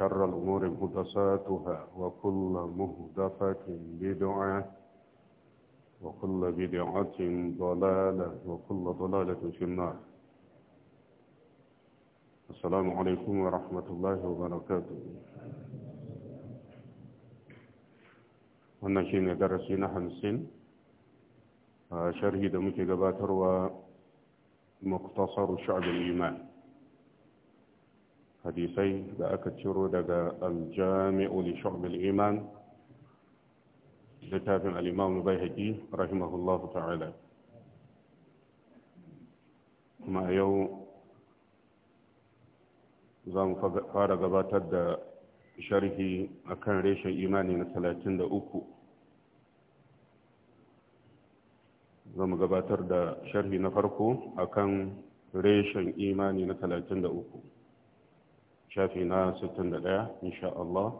وشر الأمور مهدساتها وكل مهدفة بدعة وكل بدعة ضلالة وكل ضلالة في النار السلام عليكم ورحمة الله وبركاته wannan shi ne darasi na hamsin a sharhi da muke gabatarwa muktasar iman hadisai da aka ciro daga aljami'u li shu'bil iman littafin al-imam bayhaqi rahimahullahu ta'ala kuma yau za mu fara gabatar da sharhi akan reshen imani na 33 za mu gabatar da sharhi na farko akan reshen imani na 33 shafi na 61 insha Allah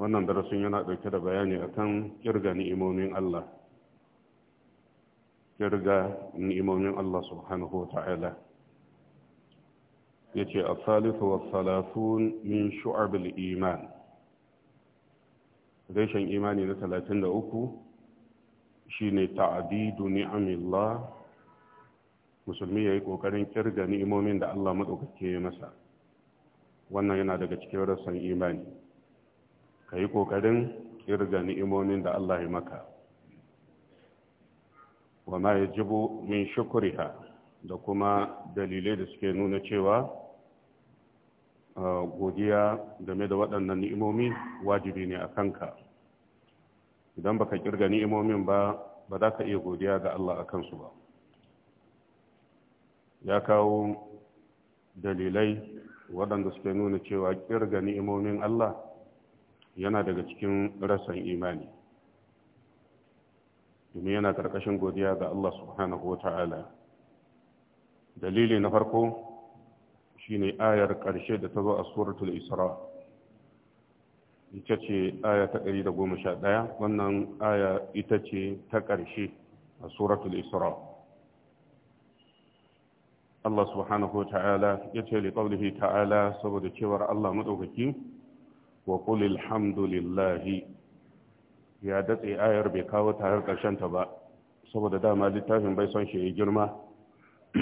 wannan darasin yana ɗauke da bayani akan kirga ni'imomin Allah kirga ni'imomin Allah subhanahu wa ta'ala Ya ce a salisu was-salafun min shu'abil iman reshen imani na 33 shine ta'didu ni'amillah musulmi ya yi ƙoƙarin ƙirga ni'imomin da Allah maɗaukake ya masa wannan yana daga cikin rassan imani ka yi ƙoƙarin ƙirga ni'imomin da Allah ya maka wa ma ya jibo min shukuriha da kuma dalilai da suke nuna cewa godiya game da waɗannan ni'imomi wajibi ne a kanka idan baka ƙirga ni'imomin ba ba za ka iya godiya ga Allah a kansu ba ya kawo dalilai waɗanda suke nuna cewa ƙirga ni'imomin Allah yana daga cikin rasan imani domin yana ƙarƙashin godiya ga Allah subhanahu wa ta'ala dalili na farko shi ne ayar ƙarshe da ta zo a suratul isra ita ce aya ta 111 wannan aya ita ce ta ƙarshe a suratul isra Allah subhanahu wa ta'ala ya ce liƙaunihi ta'ala saboda cewar Allah maɗaukaki wa ƙulil hamdulillahi ya datse ayar bai kawo tare ta ba saboda dama littafin bai son shi ya girma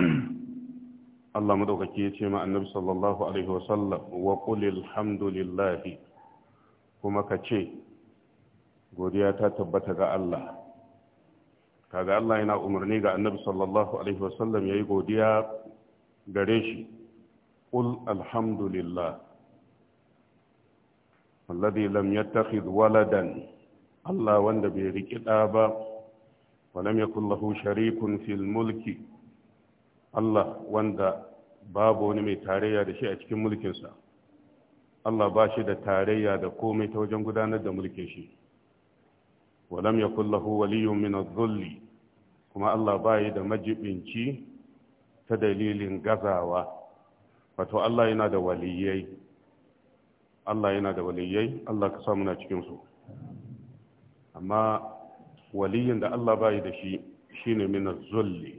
Allah maɗaukaki ya ce ma annabi sallallahu alaihi wasallam wa ƙulil hamdulillahi kuma ka ce godiya ta tabbata ga Allah kaga Allah yana umarni ga annabi sallallahu alaihi wasallam yayi godiya gare shi qul alhamdulillah alladhi lam yattakhidh waladan Allah wanda bai riki ɗa ba wa lam yakul lahu sharikun fil mulki Allah wanda babu wani mai tarayya da shi a cikin mulkinsa Allah ba shi da tarayya da komai ta wajen gudanar da mulkin shi walam yakul lahu waliyyun min adh kuma Allah ba yi da majibinci ta dalilin gazawa wato Allah yana da waliyai Allah yana da waliyai Allah ka samu na cikinsu amma waliyyin da Allah bayi da shi shine minar zulli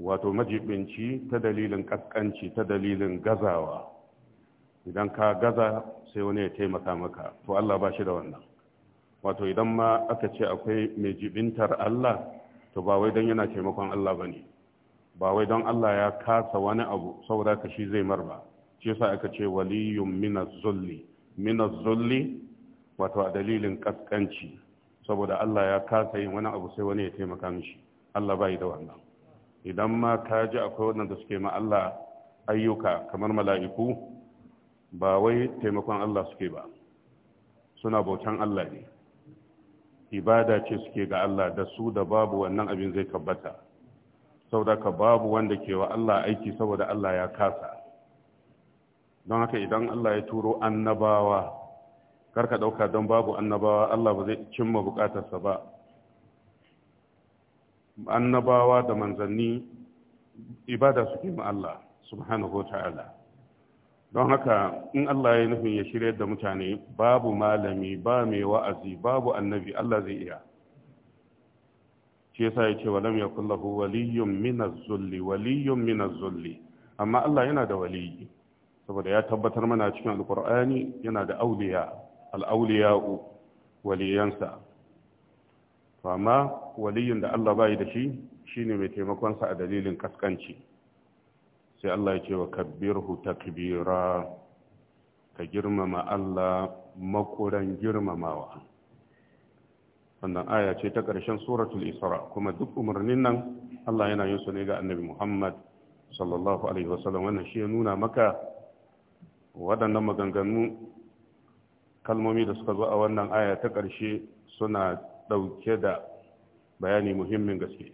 wato majibinci ta dalilin ƙasƙanci ta dalilin gazawa idan ka gaza sai wani ya taimaka maka to Allah ba shi da wannan wato idan ma aka ce akwai mai jibintar Allah to ba wai don yana taimakon Allah ba ne ba wai don Allah ya kasa wani abu saboda ka shi zai mar ba shi yasa aka ce waliyun minaz zulli minaz zulli wato a dalilin kaskanci saboda Allah ya kasa yin wani abu sai wani ya taimaka mishi Allah bai da wannan idan ma ka ji akwai waɗanda suke ma Allah ayyuka kamar mala'iku ba wai taimakon Allah suke ba suna bautan Allah ne ibada ce suke ga Allah da su da babu wannan abin zai tabbata saboda ka babu wanda ke wa Allah aiki saboda Allah ya kasa don haka idan Allah ya turo annabawa ka ɗauka don babu annabawa Allah ba zai cimma bukatarsa ba annabawa da manzanni ibada su ma Allah subhanahu wa ta'ala don haka in Allah ya nufin ya shirya da mutane babu malami ba mai wa'azi babu annabi Allah zai iya shi yasa yace walam yakul lahu waliyyun min az-zulli waliyyun min az-zulli amma Allah yana da waliyi saboda ya tabbatar mana cikin alqur'ani yana da auliya al-auliya'u waliyansa to amma waliyin da Allah bai da shi shine mai taimakon sa a dalilin kaskanci sai Allah ya ce wa kabbirhu takbira ka girmama Allah makuran girmamawa wannan aya ce ta ƙarshen suratul isra kuma duk umarnin nan Allah yana yin su ne ga annabi Muhammad sallallahu alaihi wasallam wannan shi ya nuna maka waɗannan maganganu kalmomi da suka zo a wannan aya ta ƙarshe suna ɗauke da bayani muhimmin gaske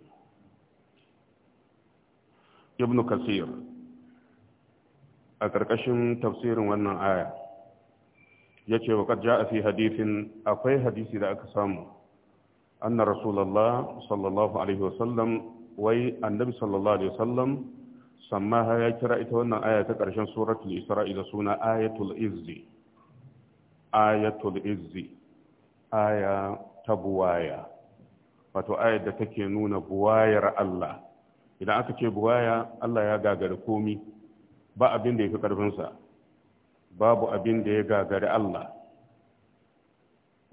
ibn kasir a ƙarƙashin tafsirin wannan aya ya ce wa ƙarja a fi hadifin akwai hadisi da aka samu anna rasulullah sallallahu alaihi wasallam wai annabi sallallahu alaihi wasallam sammaha ya kira ita wannan aya ta ƙarshen suratul isra'ila, suna ayatul izzi ayatul izzi aya ta buwaya wato ayar da take nuna buwayar Allah idan aka ce buwaya Allah ya gagari komi ba abin da ya fi ƙarfinsa babu abin da ya gagari Allah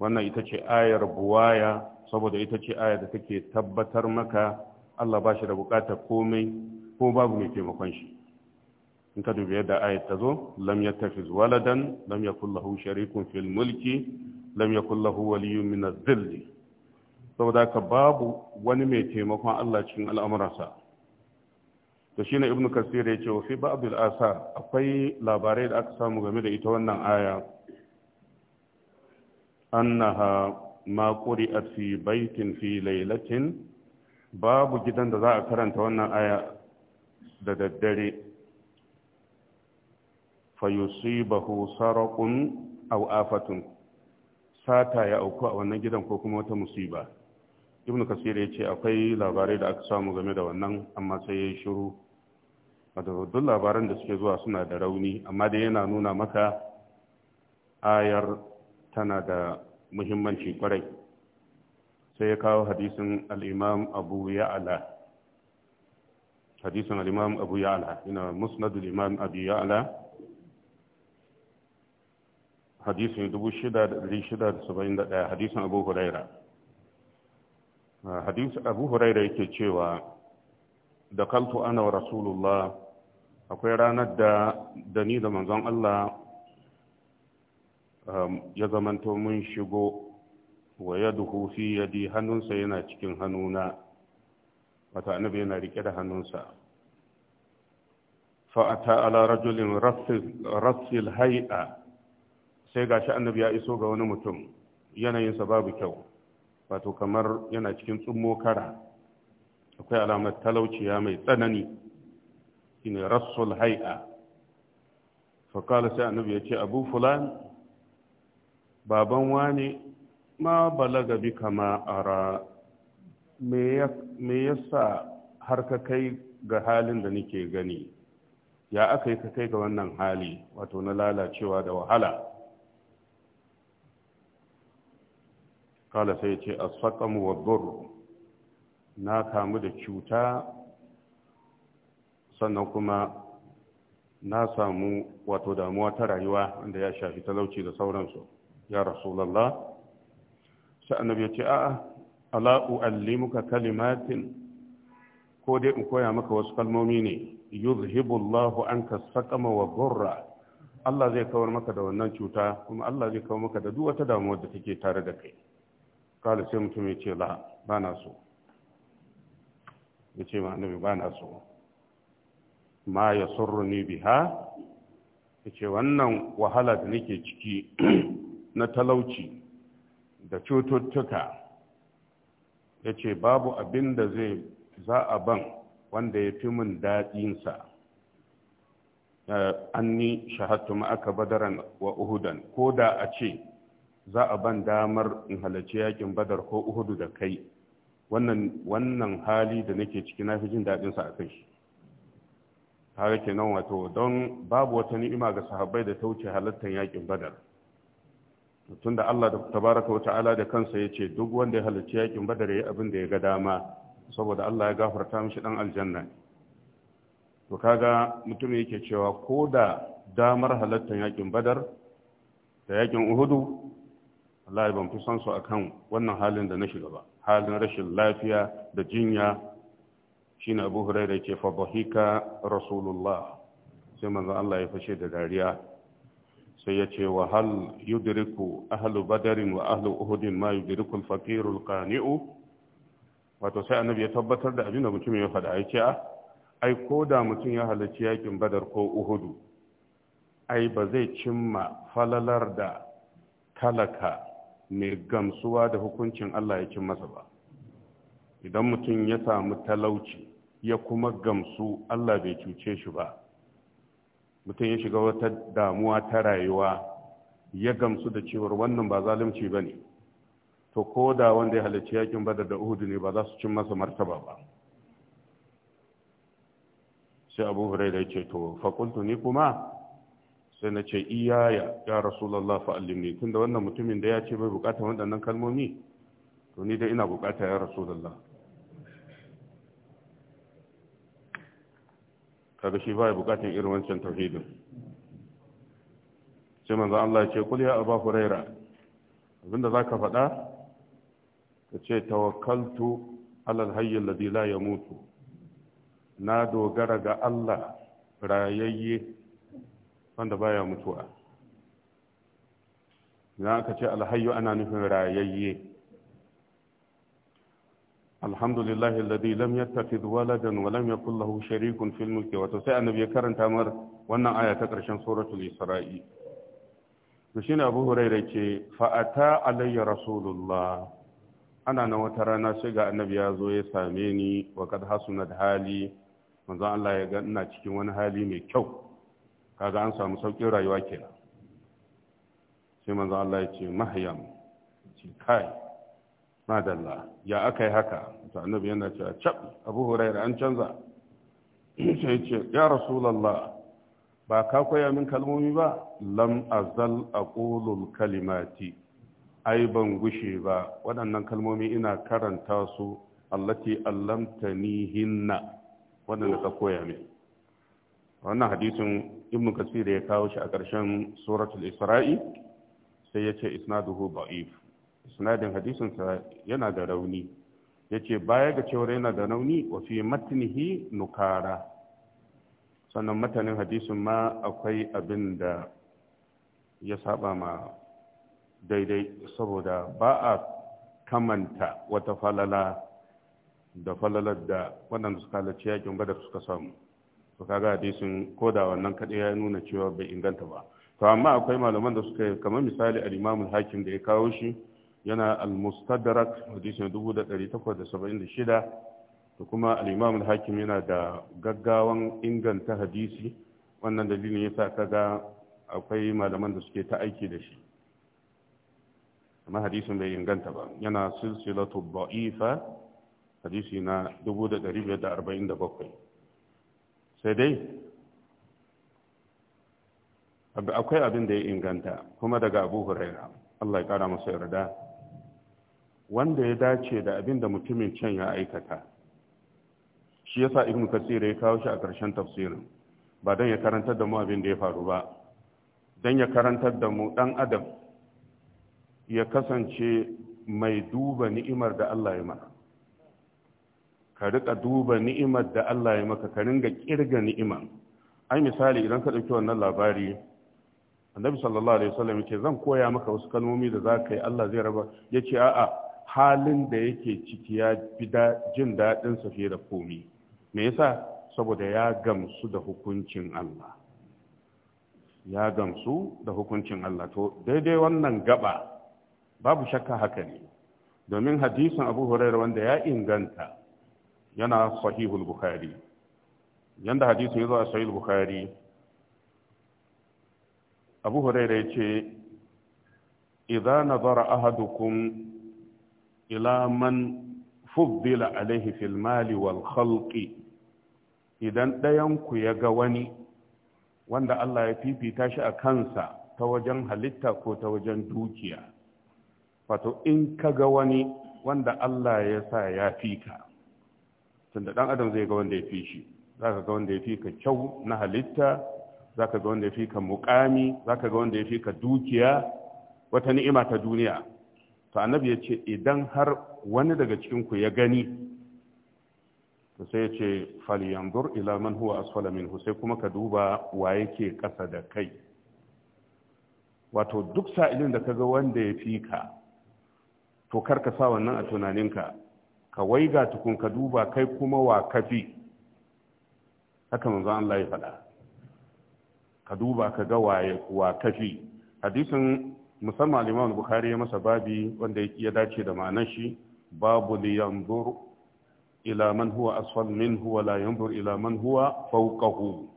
wannan ita ce ayar buwaya saboda ita ce ayar da take tabbatar maka Allah ba shi da bukatar komai ko babu mai taimakon shi in ka dubi yadda ayar ta zo lam yattakhiz waladan lam yakul sharikun fil mulki lam yakul lahu waliyu min saboda ka babu wani mai taimakon Allah cikin al'amuransa to shine ibnu kasir ya ce wa fi ba'd al-asar akwai labarai da aka samu game da ita wannan aya annaha ma quri'at baitin fi lailatin babu gidan da za a karanta wannan aya da daddare fayusibahu sarqun aw afatun sata ya auku a wannan gidan ko kuma wata musiba ibn kasir ya ce akwai labarai da aka samu game da wannan amma sai ya shiru wato duk labaran da suke zuwa suna da rauni amma dai yana nuna maka ayar tana da muhimmanci kwarai sai ya kawo hadisin al'imam abu ya'ala hadisin al'imam abu ya'ala ina musnadul al’imam abu ya'ala hadisin 6,671 hadisin abu huraira hadisin abu huraira yake cewa da kaltu ana wa rasulullah akwai ranar da da ni da manzon Allah Um, ya zamanto mun shigo wa ya duhu fi yadi hannunsa yana cikin hannuna wata annabi yana rike da hannunsa fa'ata ala rajulin rassil hai'a sai gashi annabi ya iso ga wani mutum yanayinsa babu kyau wato kamar yana cikin tsummo kara akwai alamar talauciya mai tsanani shine rassul hai'a kala sai annabi ya ce abu fulan baban wani ma balaga bi kama ara me yasa har ka kai ga halin da nake gani ya aka yi ka kai ga wannan hali wato na lalacewa da wahala kala sai ce a asfaƙamu wa duru na kamu da cuta sannan kuma na samu wato damuwa ta rayuwa wanda ya shafi talauci da sauransu ya rasulullah sai annabi ya ce a'a ala uallimuka kalimatin ko dai in koya maka wasu kalmomi ne yuzhibu Allahu anka saqama wa burra Allah zai kawar maka da wannan cuta kuma Allah zai kawar maka da duk wata damuwar da take tare da kai kala sai mutum ya ce la ba so ya ce ma annabi ba na so ma ya surruni biha ya ce wannan wahala da nake ciki na talauci da cututtuka ya ce babu abin da zai za a ban wanda ya fi min daɗinsa an ni shahattu aka badaran wa uhudan ko da a ce za a ban damar in halarci yakin badar ko uhudu da kai wannan hali da nake ciki na fi jin daɗinsa a kai shi haka kenan wato don babu wata ni'ima ga sahabbai da ta wuce halartar yakin badar tunda Allah da tabaraka wa ta'ala da kansa ya ce duk wanda ya halarci yakin badar ya abin da ya ga dama saboda Allah ya gafarta mishi dan aljanna to kaga mutum yake cewa ko da damar halartar yakin badar da yakin uhudu Allah ban fi son su akan wannan halin da na shiga ba halin rashin lafiya da jinya shine Abu Hurairah yake fa bahika Rasulullah sai manzon Allah ya fashe da dariya sai ya ce wa hal yudriku ahlu badarin wa ahlu uhudin ma al qaniu wato sai annabi ya tabbatar da abin da mutum ya faɗa ya ce ah, ai ko da mutum ya halarci yakin badar ko uhudu ai ba zai cimma falalar da talaka mai gamsuwa da hukuncin Allah ya cin masa ba idan mutum ya samu talauci ya kuma gamsu Allah bai cuce shi ba mutum ya shiga wata damuwa ta rayuwa ya gamsu da cewar wannan ba zalunci ba ne to ko da wanda ya halarci yakin badar da uhudu ne ba za su cin masa martaba ba sai abu hurai ya ce to fakultu ni kuma sai na ce iyaya ya rasulallah tun tunda wannan mutumin da ya ce bai bukatar waɗannan kalmomi to ni da ina bukata ya rasulallah kaga shi ba ya bukatan irin wancan tauhidin sai manzo Allah ya ce kul ya aba huraira abinda zaka faɗa ka ce tawakkaltu alal hayy alladhi la yamutu na dogara ga Allah rayayye wanda baya mutuwa idan aka ce alhayyu ana nufin rayayye الحمد لله الذي لم يتخذ ولدا ولم يكن له شريك في الملك وتسع النبي كرن تمر wannan aya ta karshen suratul isra'i to abu huraira ce fa'ata alayya rasulullah ana na wata rana sai ga annabi ya zo ya same ni wakar kad da hali manzon Allah ya ga ina cikin wani hali mai kyau kaga an samu saukin rayuwa kenan sai manzon Allah ya ce mahyam ce kai madalla ya aka yi haka ta annabi yana cewa cap abu huraira an canza sai ce ya rasulallah ba ka koya min kalmomi ba lam azal aqulul kalimati ai ban gushe ba waɗannan kalmomi ina karanta su allati allamtani hinna waɗanda ka koya min wannan hadisin ibnu kasir ya kawo shi a ƙarshen suratul isra'i sai ya ce isnaduhu da'if isnadin hadisinsa yana da rauni ya ce baya ga cewar yana da rauni wa fi matnihi nukara sannan matanin hadisin ma akwai abin da ya saba ma daidai saboda ba a kamanta wata falala da falalar da waɗanda suka halarci yakin badar suka samu to kaga hadisin koda wannan kaɗai ya nuna cewa bai inganta ba to amma akwai malaman da suka kamar misali al-imamul hakim da ya kawo shi yana al-mustadrak hadisin 1876 da kuma al-imam al-hakim yana da gaggawan inganta hadisi wannan dalilin yasa kaga akwai malaman da suke ta aiki da shi amma hadisin bai inganta ba yana silsilatu da'ifa hadisi na 1547 sai dai akwai abin da ya inganta kuma daga abu huraira Allah ya kara masa yarda wanda ya dace da abin da mutumin can ya aikata shi yasa ibn kasir ya kawo shi a ƙarshen tafsirin ba don ya karantar da mu abin da ya faru ba don ya karantar da mu ɗan adam ya kasance mai duba ni'imar da Allah ya maka ka rika duba ni'imar da Allah ya maka ka ringa ƙirga ni'ima. ai misali idan ka ɗauki wannan labari annabi sallallahu alaihi wasallam yace zan koya maka wasu kalmomi da za ka yi Allah zai raba yace a'a halin da yake ciki ya fi jin daɗin sa fiye da komi me yasa saboda ya gamsu da hukuncin Allah ya gamsu da hukuncin Allah to daidai wannan gaba babu shakka haka ne domin hadisin Abu Hurairah wanda ya inganta yana sahihul Bukhari yanda hadisin ya zo a sahihul Bukhari Abu Hurairah ya ce idza nazara ahadukum ila man fuddila alaihi fil mali wal khalqi idan ɗayanku ya ga wani wanda Allah ya fifita shi a kansa ta wajen halitta ko ta wajen dukiya wato in ka ga wani wanda Allah ya sa ya ka tunda ɗan adam zai ga wanda ya fi shi za ka ga wanda ya fi ka kyau na halitta za ka ga wanda ya fi ka muƙami za ka ga wanda ya fi ka dukiya wata ni'ima ta duniya to annabi ya ce idan har wani daga cikinku ya gani to sai ya ce falyanzur ila man huwa asfala minhu sai kuma ka duba wa yake ƙasa da kai wato duk sa'ilin da kaga wanda ya fi ka to kar ka sa wannan a tunaninka ka waiga tukun ka duba kai kuma wa kafi haka manzo Allah ya faɗa ka duba ka ga wa kafi hadisin musamman liman bukhari ya masa babi wanda ya dace da ma'anar shi babu li yanzur man huwa asfal min huwa la yanzur huwa faukahu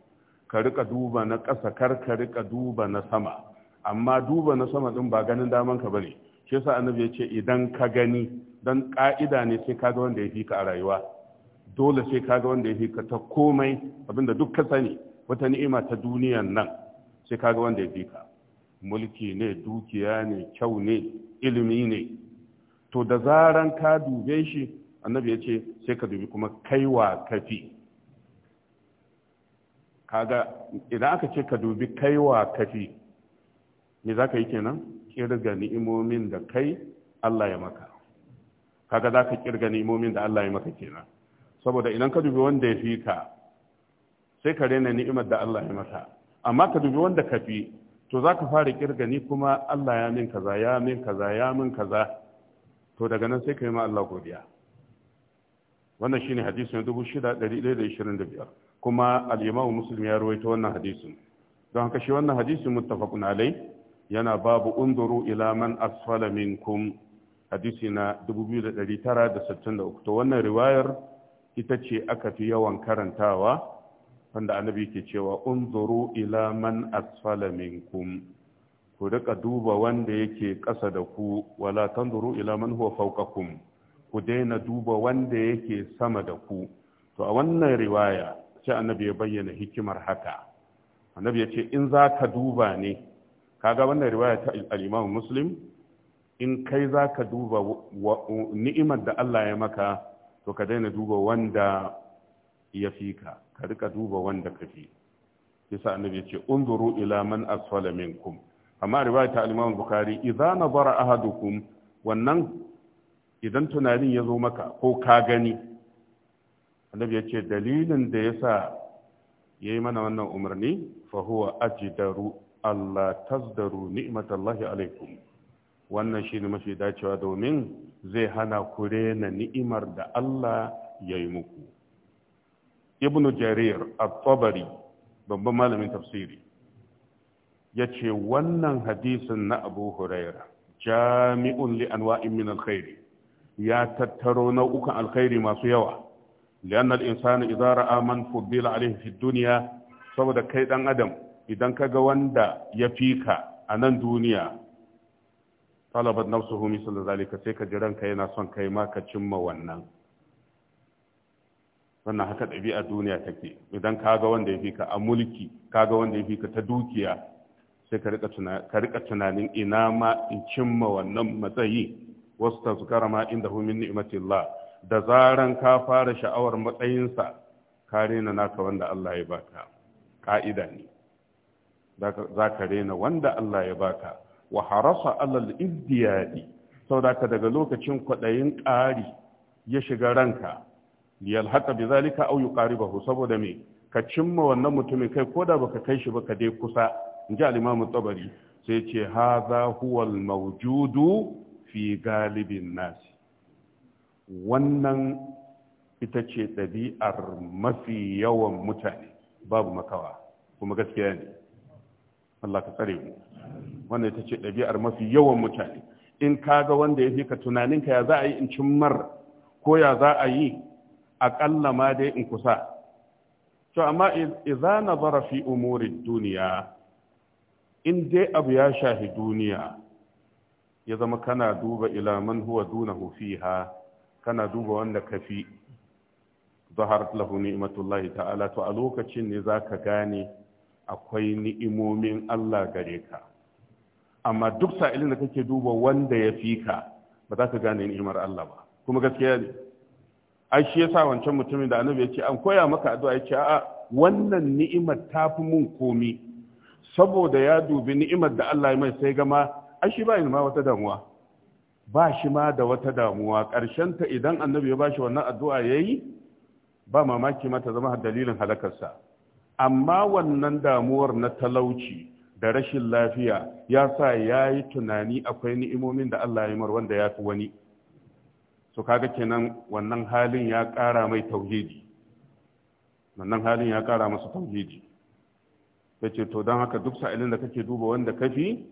ka rika duba na ƙasa kar ka rika duba na sama amma duba na sama din ba ganin daman ka bane shi yasa annabi ya ce idan ka gani dan ka'ida ne sai kaga wanda ya fi ka a rayuwa dole sai kaga wanda ya fi ka ta komai abinda duk ka sani wata ni'ima ta duniyan nan sai kaga wanda ya fi ka mulki ne dukiya ne kyau ne ilimi ne to da zaran ka dube shi annabi ya ce sai ka dubi kuma kaiwa kafi kaga idan aka ce ka dubi kaiwa kafi me za ka yi kenan kirga ni'imomin da kai Allah ya maka kaga za ka kirga ni'imomin da Allah ya maka kenan saboda idan ka dubi wanda ya fi ka sai ka rena ni'imar da Allah ya maka amma ka dubi wanda ka fi to za ka fara kirgani kuma Allah ya min kaza ya min kaza ya min kaza to daga nan sai ka yi ma Allah godiya wannan shine hadisin 6125 kuma al-Imam Muslim ya rawaito wannan hadisin don haka shi wannan hadisin muttafaqun alai yana babu unduru ila man asfala minkum hadisi na 2963 to wannan riwayar ita ce aka fi yawan karantawa wanda annabi ke cewa unzuru ila man asfala minkum ku rika duba wanda yake ƙasa da ku wala tanzuru ila man huwa fawqakum ku daina duba wanda yake sama da ku to a wannan riwaya sai annabi ya bayyana hikimar haka annabi ya ce in za ka duba ne kaga wannan riwaya ta al-Imam Muslim in kai za ka duba ni'imar da Allah ya maka to ka daina duba wanda ya fi ka ka rika duba wanda ka fi yasa annabi ce unzuru ila man asfala minkum amma riwaya ta al-Imam Bukhari idza nazara ahadukum wannan idan tunanin ya zo maka ko ka gani annabi ya ce dalilin da yasa yi mana wannan umarni fa huwa ajdaru Allah tazdaru ni'matallahi alaikum wannan shi ne mafi dacewa domin zai hana ku rena ni'imar da Allah ya yi muku ibn jarir at-tabari babban malamin tafsiri ya ce wannan hadisin na abu huraira jami'un li anwa'in min alkhairi ya tattaro nau'ukan alkhairi masu yawa li'anna al-insana idza ra'a man fuddila alayhi fi dunya saboda kai dan adam idan kaga wanda ya fika a nan duniya talabat nafsuhu misal zalika sai ka jiran ka yana son kai ma ka cimma wannan wannan haka ɗabi'a duniya take idan kaga wanda ya fi ka a mulki kaga wanda ya fi ka ta dukiya sai ka rika tunanin ina ma in cimma wannan matsayi wasu ta zukara ma inda hu min da zaran ka fara sha'awar matsayinsa ka rena naka wanda Allah ya baka ka'ida ne za ka rena wanda Allah ya baka wa harasa alal izdiyadi saboda daga lokacin kwaɗayin ƙari ya shiga ranka yalhaqa bi zalika aw yuqaribahu saboda me ka cimma wannan mutumin kai koda baka kai shi ba ka dai kusa inji al-Imam Tabari sai ce hadha huwa al-mawjudu fi galibin nas wannan ita ce ɗabi'ar mafi yawan mutane babu makawa kuma gaskiya ne Allah ka tsare mu wannan ita ce ɗabi'ar mafi yawan mutane in kaga wanda ya fi ka tunaninka ya za a yi in cimmar ko ya za a yi aƙalla ma dai in kusa to amma idza nazara fi umuri duniya in dai abu ya shahi duniya ya zama kana duba ila man huwa dunahu fiha kana duba wanda kafi zahar lahu ni'matullahi ta'ala to a lokacin ne zaka gane akwai ni'imomin Allah gare ka amma duk sa'ilin da kake duba wanda ya fi ka ba za ka gane ni'imar Allah ba kuma gaskiya ne ai shi yasa wancan mutumin da annabi ya ce an koya maka addu'a ya ce a'a wannan ni'imar ta fi mun komi saboda ya dubi ni'imar da Allah ya mai sai gama ai shi ba ma wata damuwa ba shi ma da wata damuwa karshen ta idan annabi ya bashi wannan addu'a yayi ba mamaki mata ta zama dalilin sa amma wannan damuwar na talauci da rashin lafiya ya sa ya tunani akwai ni'imomin da Allah ya mar wanda ya fi wani so kaga kenan wannan halin ya ƙara mai tauhidi wannan halin ya ƙara masa tauhidi ya ce to don haka duk sa'ilin da kake duba wanda kafi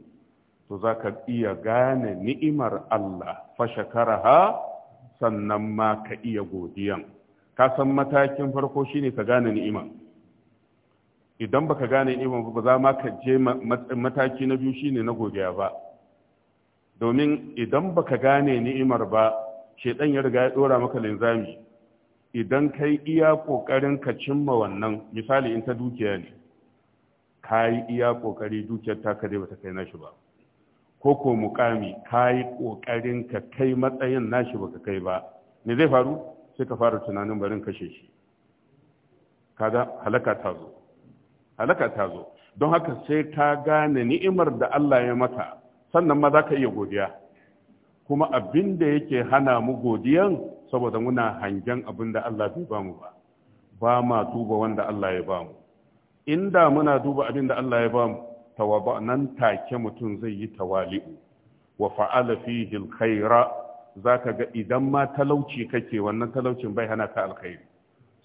to za ka iya gane ni'imar Allah karaha sannan ma ka iya godiyan ka san matakin farko shine ka gane ni'ima idan baka gane ni'ima ba za ma ka je mataki na biyu shine na godiya ba domin idan baka gane ni'imar ba shedan ya riga ya dora maka linzami idan kai iya kokarin ka cimma wannan misali in ta dukiya ne kai iya kokari dukiyar ta kare ta kai nashi ba ko ko mukami kai kokarin ka kai matsayin nashi ba ka kai ba me zai faru sai ka fara tunanin barin kashe shi kaga halaka ta zo halaka ta zo don haka sai ta gane ni'imar da Allah ya mata sannan ma za ka iya godiya kuma abin da yake hana mu godiyan saboda muna hangen abin da Allah bai ba mu ba ba ma duba wanda Allah ya ba mu inda muna duba abin da Allah ya ba mu tawaba nan take mutum zai yi tawali'u wa fa'ala fihi alkhaira zaka ga idan ma talauci kake wannan talaucin bai hana ka alkhairi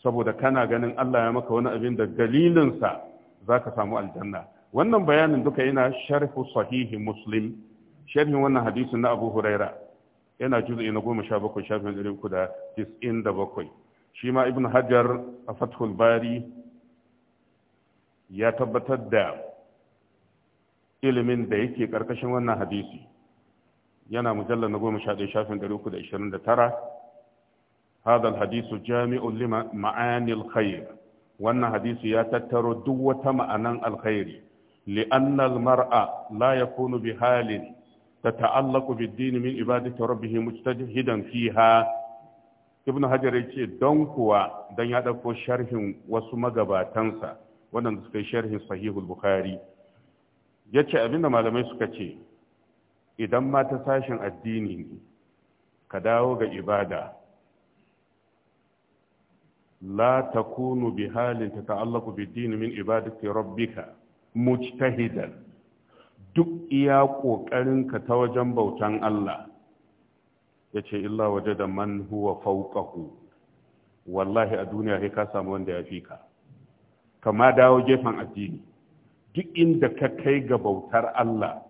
saboda kana ganin Allah ya maka wani abin da dalilinsa zaka samu aljanna wannan bayanin duka yana sharhu sahihi muslim sharhin wannan hadisin na Abu Huraira yana juz'i na bakwai shafin ɗari uku da da bakwai. shi ma Ibn Hajar a Fathul Bari ya tabbatar da ilimin da yake ƙarƙashin wannan hadisi yana mujallar na goma sha 11 shafin ɗari uku da da 329 هذا الحديث جامع لمعاني الخير وأن حديث يتتر دوة معنى الخير لأن المرأة لا يكون بحال tata'allaqu bid-din min ibadati rabbih mujtahidan fiha ibnu hajar yace don kuwa dan ya dauko sharhin wasu magabatansa waɗanda suka yi sharhin sahihul bukhari yace abinda malamai suka ce idan mata ta sashin addini ne ka dawo ga ibada la takunu bi halin tata'allaqu bid-din min ibadati rabbika mujtahidan duk iya ƙoƙarinka ta wajen bautan Allah ya ce illa waje da man huwa fauƙahu wallahi a duniya sai ka samu wanda ya fi ka kama dawo gefen addini duk inda ka kai ga bautar Allah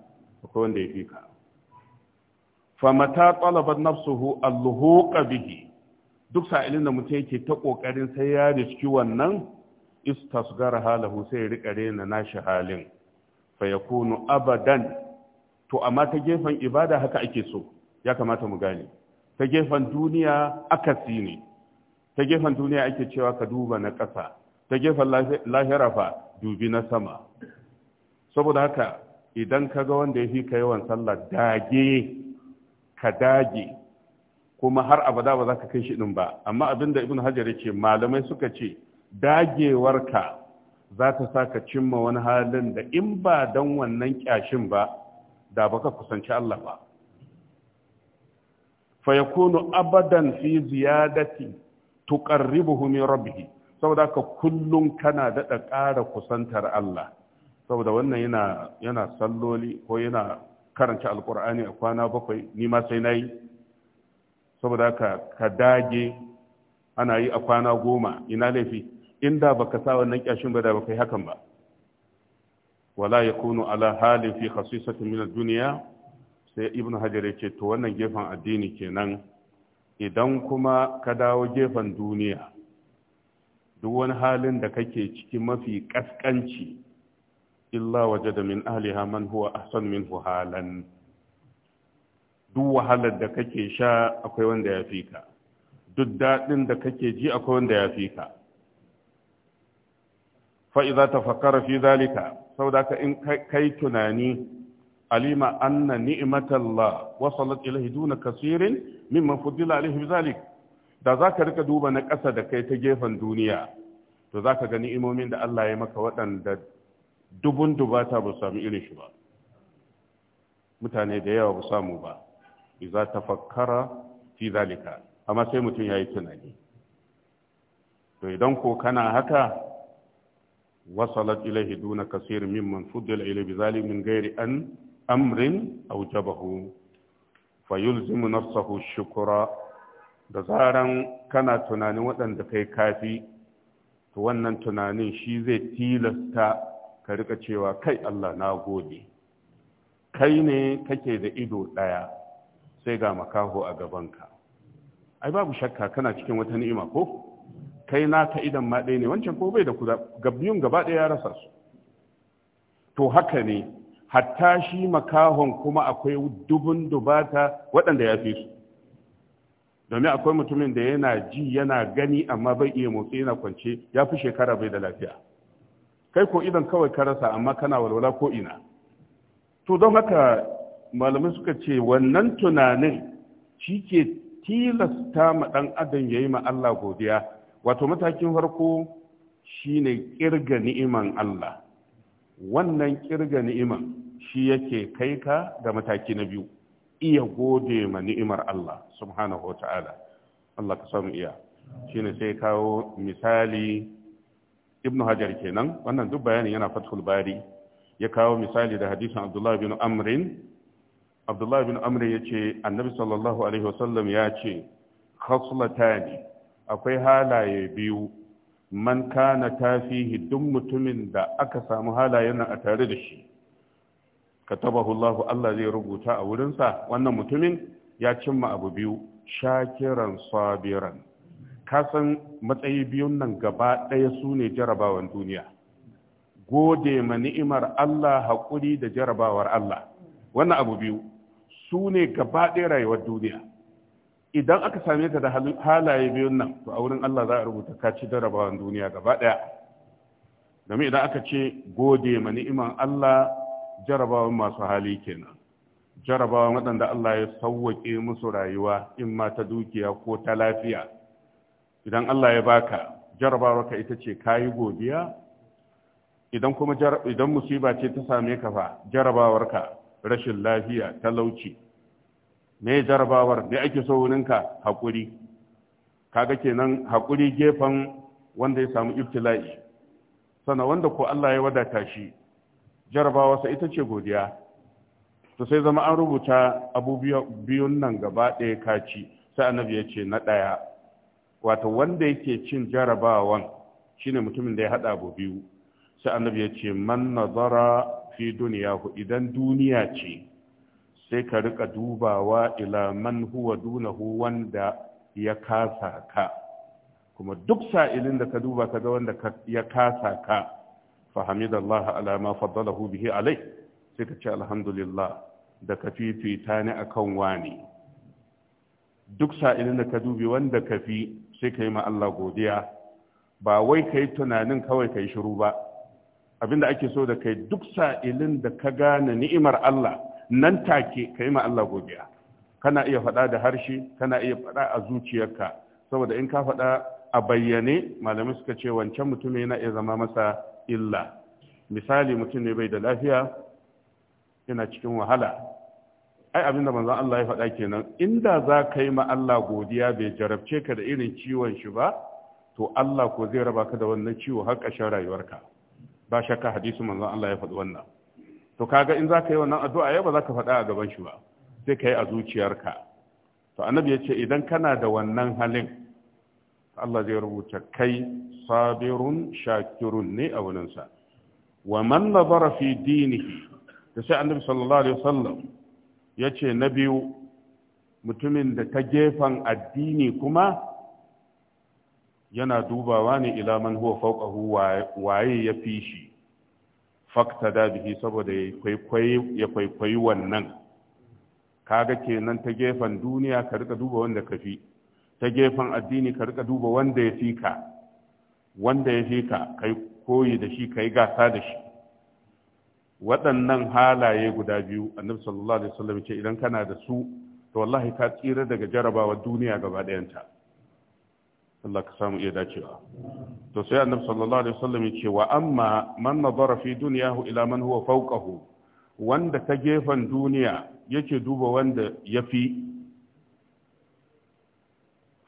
akwai wanda ya fi ka famata talabat nafsuhu alluhu bihi duk sa'ilin da mutum yake ta ƙoƙarin sai ya riski wannan istasgara halahu sai ya rika rena nashi halin fa abadan to amma ta gefen ibada haka ake so ya kamata mu gane ta gefen duniya akasi ne ta gefen duniya ake cewa ka duba na ƙasa ta gefen lahira fa dubi na sama saboda haka idan ka ga wanda ya fi ka yawan sallah dage ka dage kuma har abada ba za ka kai shi ɗin ba amma abinda da ibn hajar ya ce malamai suka ce dagewarka za ta sa ka cimma wani halin da in ba don wannan ƙyashin ba da baka kusanci Allah ba fayakunu abadan fi ziyadati tuqarribuhu min rabbih saboda ka kullum kana daɗa ƙara kusantar Allah saboda wannan yana salloli ko yana karanta alƙur'ani a kwana bakwai ni ma sai nayi saboda ka ka dage ana yi a kwana goma ina laifi inda baka sa wannan kyashin ba da baka yi hakan ba wala yakunu ala halin fi khasisatin min ad-dunya sai ibnu hajar yace to wannan gefen addini kenan idan kuma ka dawo gefen duniya duk wani halin da kake ciki mafi kaskanci illa wajada min ahliha man huwa ahsan min halan duk wahalar da kake sha akwai wanda ya fi ka duk daɗin da kake ji akwai wanda ya fi ka fa idza tafakkara fi zalika saboda ka in kai tunani alima anna ni'matallah wasalat ilayhi duna kasirin Min, fudila alayhi bizalik da ka rika duba na ƙasa da kai ta gefen duniya to ka ga ni'imomin da Allah ya maka waɗanda dubun dubata ba samu irin shi ba mutane da yawa ba samu ba idza tafakkara fi zalika amma sai mutum yayi tunani to idan ko kana haka wasalat ilaihi duna kasir mimman fuddila ilaihi bizali min gairi an amrin aujabahu fa yulzimu nafsahu shukura da zaran kana tunanin waɗanda kai kafi to wannan tunanin shi zai tilasta ka rika cewa kai Allah na gode kai ne kake da ido ɗaya sai ga makaho a gabanka ai babu shakka kana cikin wata ni'ima ko kai ta idan ma ɗaya ne wancan ko bai da gabiyun gaba ɗaya ya rasa su to haka ne hatta shi makahon kuma akwai dubun dubata waɗanda ya fi su domin akwai mutumin da yana ji yana gani amma bai iya motsi yana kwance ya fi shekara bai da lafiya kai ko idan kawai ka rasa amma kana walwala ko ina to don haka malamai suka ce wannan tunanin shi ke tilasta ma ɗan adam ya yi ma Allah godiya wato matakin farko shine kirga ni'iman Allah wannan kirga ni'iman shi yake kai ka ga mataki na biyu iya gode ma ni'imar Allah subhanahu wa ta'ala Allah ka samu iya shine sai kawo misali ibnu hajar kenan wannan duk bayanin yana fathul bari ya kawo misali da hadisin abdullahi bin amrin abdullahi bin amrin ya ce annabi sallallahu alaihi wasallam ya ce khaslatani akwai halaye biyu man kana tafihi duk mutumin da aka samu halayen nan a tare da shi katabahu Allah Allah zai rubuta a wurinsa wannan mutumin ya cimma abu biyu shakiran sabiran kasan matsayi biyun nan gaba ɗaya su ne jarabawan duniya gode ma ni'imar Allah haƙuri da jarabawar Allah wannan abu biyu su ne gaba ɗaya rayuwar duniya idan aka same ka da halaye biyun nan to a wurin Allah za a rubuta ka ci darabawan duniya gaba ɗaya domin idan aka ce gode ma ni'iman Allah jarabawan masu hali kenan jarabawan waɗanda Allah ya sauwaƙe musu rayuwa in ma ta dukiya ko ta lafiya idan Allah ya baka jarabawa ka ita ce kayi godiya idan kuma idan musiba ce ta same ka fa jarabawarka rashin lafiya talauci me jarabawar me ake so ka haƙuri kaga kenan haƙuri gefen wanda ya samu iftilai. sana wanda ko Allah ya wadata shi jarabawa sa ita ce godiya to sai zama an rubuta biyun nan gaba ɗaya kaci sai annabi ya ce na ɗaya wato wanda yake cin jarabawan shine mutumin da ya haɗa abu biyu sai annabi ya ce man nazara fi duniya idan duniya ce sai ka rika dubawa ila man huwa dunahu wanda ya kasa ka kuma duk sa'ilin da ka duba ka ga wanda ya kasa ka fahamidallah ala ma faddalahu bihi alai sai ka ce alhamdulillah da ka fifita ni akan wani duk sa'ilin da ka dubi wanda ka fi sai ka yi ma Allah godiya ba wai ka yi tunanin kawai ka yi shiru ba abinda ake so da kai duk sa'ilin da ka gane ni'imar Allah nan take ka yi ma Allah godiya kana iya faɗa da harshe kana iya faɗa a zuciyarka saboda in ka faɗa a bayyane malamai suka ce wancan mutum yana iya zama masa illa misali mutum ne bai da lafiya yana cikin wahala ai abin da manzon Allah ya faɗa kenan inda za ka yi ma Allah godiya bai jarabce ka da irin ciwon shi ba to Allah ko zai raba ka da wannan ciwo har ƙarshen rayuwarka ba shakka hadisi manzon Allah ya faɗi wannan to kaga in za ka yi wannan addu'a ya ba ka faɗa a gaban shi ba sai ka yi a zuciyarka to annabi ya ce idan kana da wannan halin Allah zai rubuta kai sabirun shakirun ne a wurinsa wa man nazara fi dinihi da sai annabi sallallahu alaihi wasallam ya ce na biyu mutumin da ta gefen addini kuma yana dubawa ne ila man huwa fawqahu waye ya fi shi fakta da bihi saboda ya kwaikwayi wannan kaga kenan ta gefen duniya ka rika duba wanda ka fi ta gefen addini ka rika duba wanda ya fi ka wanda ya fi ka kai koyi da shi kai gasa da shi waɗannan halaye guda biyu annabi sallallahu alaihi wasallam ce idan kana da su to wallahi ka tsira daga jarabawa duniya gaba ɗayanta Allah ka samu iya dacewa to sai annabi sallallahu alaihi wasallam ya wa amma man nazara fi dunyahu ila man huwa fawqahu wanda ta gefen duniya yake duba wanda yafi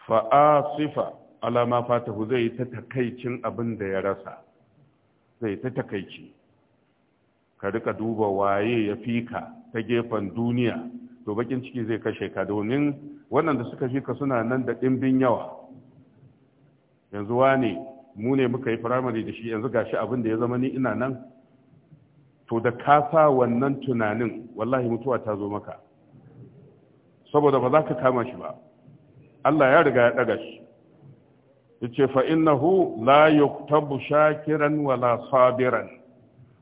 fa asifa ala ma fatahu zai ta takaicin abin da ya rasa zai ta takaici ka rika duba waye ya fi ka ta gefen duniya to bakin ciki zai kashe ka domin waɗanda suka fi ka suna nan da ɗimbin yawa yanzu ne mu ne muka yi firamare da shi yanzu gashi abin da ya zama ni ina nan to da ka sa wannan tunanin wallahi mutuwa ta zo maka saboda ba za ka kama shi ba Allah ya riga ya daga shi yace fa innahu la yuktabu shakiran wala sabiran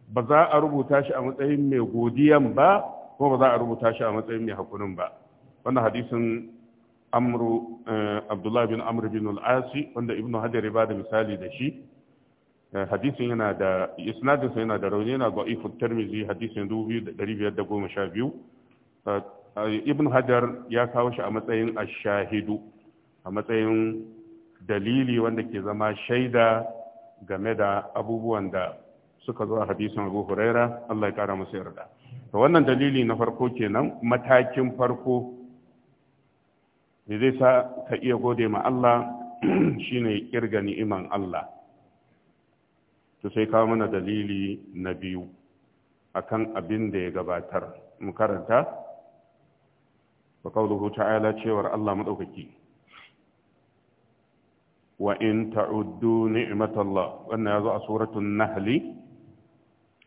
ba za a rubuta shi a matsayin mai godiyan ba ko ba za a rubuta shi a matsayin mai hakurin ba wannan hadisin amru eh, abdullahi bin amru bin al-asi wanda ibnu hajar ya bada misali da shi eh, hadisin yana da isnadin yana da rauni yana ga ifu tirmizi hadisin 2512 eh, ibnu hajar ya kawo shi a matsayin ashahidu a matsayin dalili wanda ke zama shaida game da abubuwan da suka zo a hadisin Abu Huraira Allah ya kara masu yarda to wannan dalili na farko kenan matakin farko me zai sa ka iya gode ma Allah shi ne kirga ni'iman Allah to sai kawo mana dalili na biyu a kan abin da ya gabatar mu karanta wa ta'ala cewar Allah maɗaukaki. wa in ta'uddu ni'matallah wannan ya zo a suratun Nahali.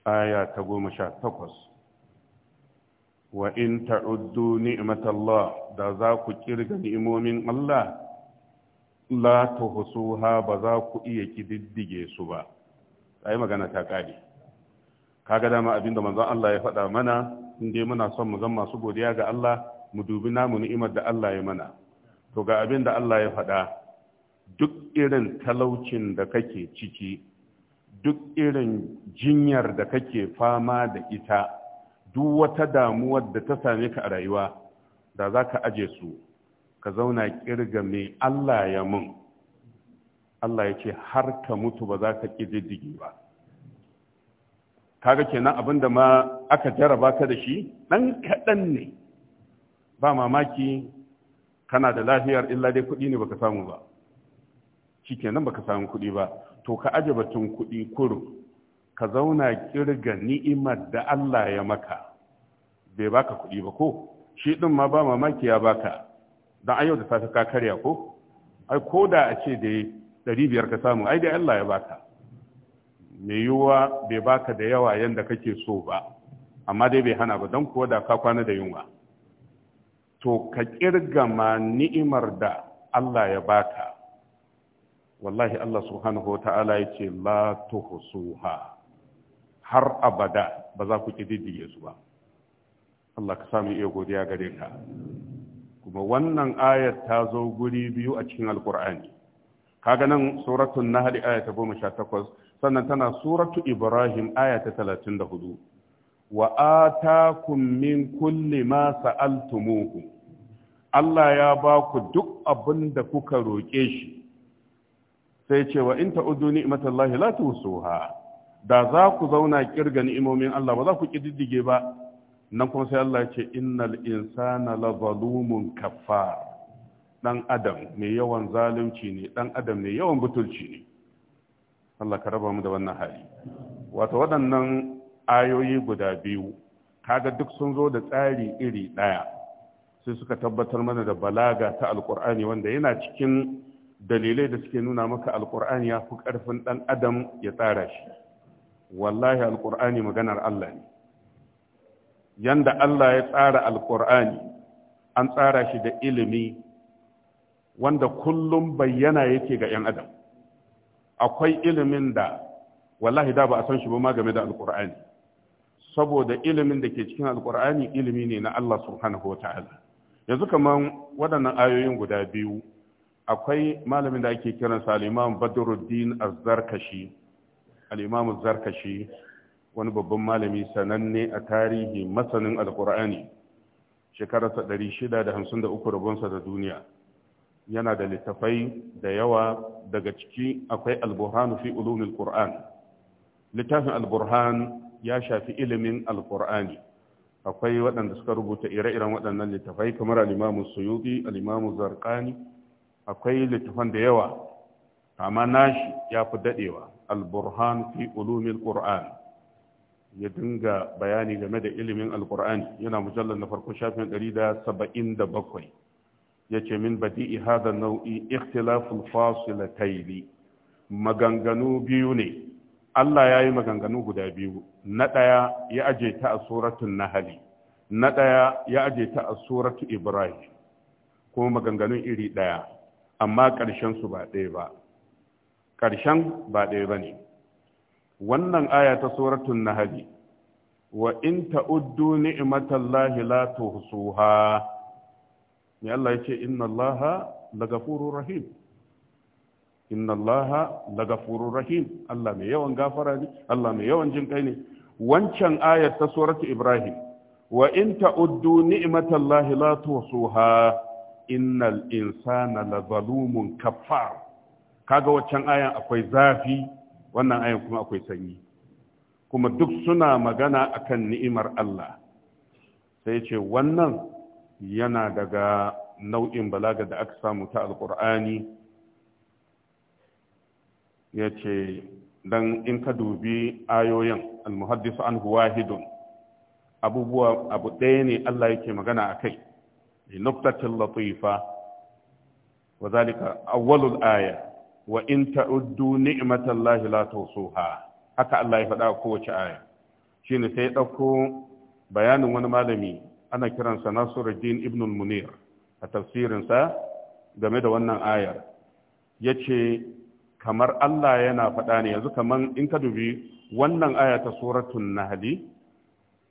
aya ta goma sha takwas. wa in ta'uddu ni'matallah da za ku kirga ni'imomin Allah la tuhsuha ba za ku iya kididdige su ba sai magana ta kare kaga dama abinda manzon Allah ya faɗa mana in dai muna son mu zama masu godiya ga Allah mu dubi namu ni'imar da Allah ya mana to ga abinda Allah ya faɗa duk irin talaucin da kake ciki duk irin jinyar da kake fama da ita duk wata damuwar da ta same ka a rayuwa da za ka aje su ka zauna kirga mai Allah ya mun Allah ya ce har ka mutu ba za ka ƙididdigi ba kaga kenan abin da ma aka jaraba ka da shi ɗan kaɗan ne ba mamaki kana da lafiyar illa dai kuɗi ne baka samu ba shi kenan baka samu kuɗi ba to ka aje batun kuɗi kurum ka zauna kirga ni'imar da Allah ya maka bai baka kuɗi ba ko shi ɗin ma ba mamaki ya baka don ayyau da safe ka karya ko ai ko da a ce da ɗari biyar ka samu ai da Allah ya baka mai yiwuwa bai baka da yawa yanda kake so ba amma dai bai hana ba don kuwa da ka kwana da yunwa to ka kirga ma ni'imar da Allah ya baka wallahi Allah subhanahu wa ta'ala ya ce la tuhsuha har abada ba za ku ƙididdige su ba Allah ka samu iya godiya gare ka kuma wannan ayar ta zo guri biyu a cikin alkur'ani kaga nan suratul nahl aya ta 18 sannan tana suratu ibrahim aya ta 34 wa atakum min kulli ma sa'altumuhu Allah ya ba ku duk abin da kuka roƙe shi sai ce wa in ta'udu ni'matallahi la tusuha da za ku zauna kirga ni'imomin Allah ba za ku kididdige ba nan kuma sai Allah ce innal insana la zalumun kaffar dan adam mai yawan zalunci ne dan adam mai yawan butulci ne Allah ka raba mu da wannan hali wato waɗannan ayoyi guda biyu kaga duk sun zo da tsari iri ɗaya sai suka tabbatar mana da balaga ta alkur'ani wanda yana cikin dalilai da suke nuna maka alkur'ani ya fi ƙarfin ɗan adam ya tsara shi wallahi alkur'ani maganar Allah ne yanda Allah ya tsara alkur'ani an tsara shi da ilimi wanda kullum bayyana yake ga 'yan adam akwai ilimin da wallahi da ba a san shi ba game da alkur'ani saboda ilimin da ke cikin alkur'ani ilimi ne na Allah subhanahu wa yanzu kamar waɗannan ayoyin guda biyu akwai malamin da ake kiran salimam badruddin az al'imamu zarkashi wani babban malami sananne a tarihi masanin alkur'ani shekararsa 653 rabonsa da duniya yana da littafai da yawa daga ciki akwai alburhan fi ulumul qur'an littafin alburhan ya shafi ilimin alkur'ani akwai waɗanda suka rubuta ire-iren waɗannan littafai kamar alimamu imamu suyuti al akwai littafan da yawa amma nashi ya fi daɗewa al-burhan fi ulumil qur'an ya dinga bayani game da ilimin Alkur'ani, yana mujallar na farko shafin ɗari da da bakwai, ya ce min badi'i hada nau'i ikhtilaful fasilatayn maganganu biyu ne Allah ya yi maganganu guda biyu na ɗaya ya aje ta a suratun nahali na ɗaya ya ajiyeta ta a suratu ibrahim kuma maganganun iri ɗaya amma ƙarshen su ba ɗaya ba ƙarshen ba ɗaya ba ne wannan aya ta suratun nahali wa in ta'uddu ni'matallahi la tuhsuha ne Allah yace inna Allaha lagafurur rahim inna Allaha lagafurur rahim Allah mai yawan gafara ne Allah mai yawan jin kai ne wancan ayar ta suratu Ibrahim wa in ta'uddu ni'matallahi la tuhsuha innal insana lazalumun kafar kaga waccan ayan akwai zafi wannan ayan kuma akwai sanyi kuma duk suna magana akan ni'imar Allah sai ce wannan yana daga nau'in balaga da aka samu ta Alkur'ani. ya ce don in ka dubi ayoyin almuhaddisu an wahidun abubuwa abu ɗaya ne Allah yake magana a kai nuktatin latifa wa zalika awwalul aya wa in ta'uddu ni'matallahi la tusuha haka Allah ya faɗa kowace aya shine sai ɗauko bayanin wani malami ana kiransa Nasiruddin ibn munir a tafsirin sa game da wannan ayar yace kamar Allah yana faɗa ne yanzu kaman in ka dubi wannan aya ta suratul nahli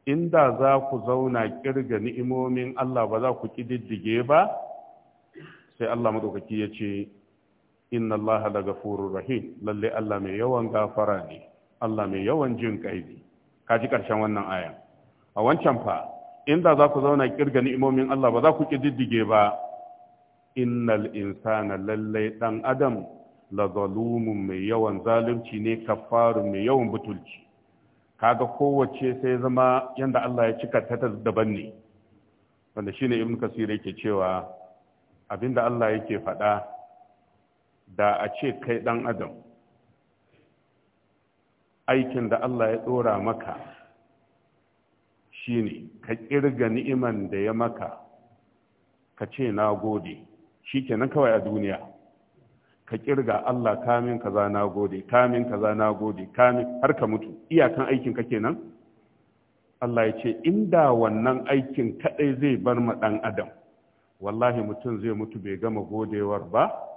inda za ku zauna kirga ni'imomin Allah ba za ku kididdige ba sai Allah madaukaki yace inna da lagafurur rahim lalle Allah mai yawan gafara ne Allah mai yawan jin kai ne kaji karshen wannan aya a wancan fa inda za ku zauna kirga ni'imomin Allah ba za ku diddige ba innal insana lalle dan adam la zalumun mai yawan zalunci ne kafarun mai yawan butulci kaga kowace sai zama yanda Allah ya cika ta daban ne wanda shine ibn kasir yake cewa abinda Allah yake faɗa da a ce kai ɗan adam aikin da Allah ya ɗora maka shine ka ƙirga ni'iman da ya maka ka ce na gode shi kenan kawai a duniya ka ƙirga Allah kamin kaza na gode kamin kaza na gode kamin har ka mutu iyakan aikin ka kenan Allah ya ce inda wannan aikin kaɗai zai bar ma ɗan adam wallahi mutum zai mutu bai gama godewar ba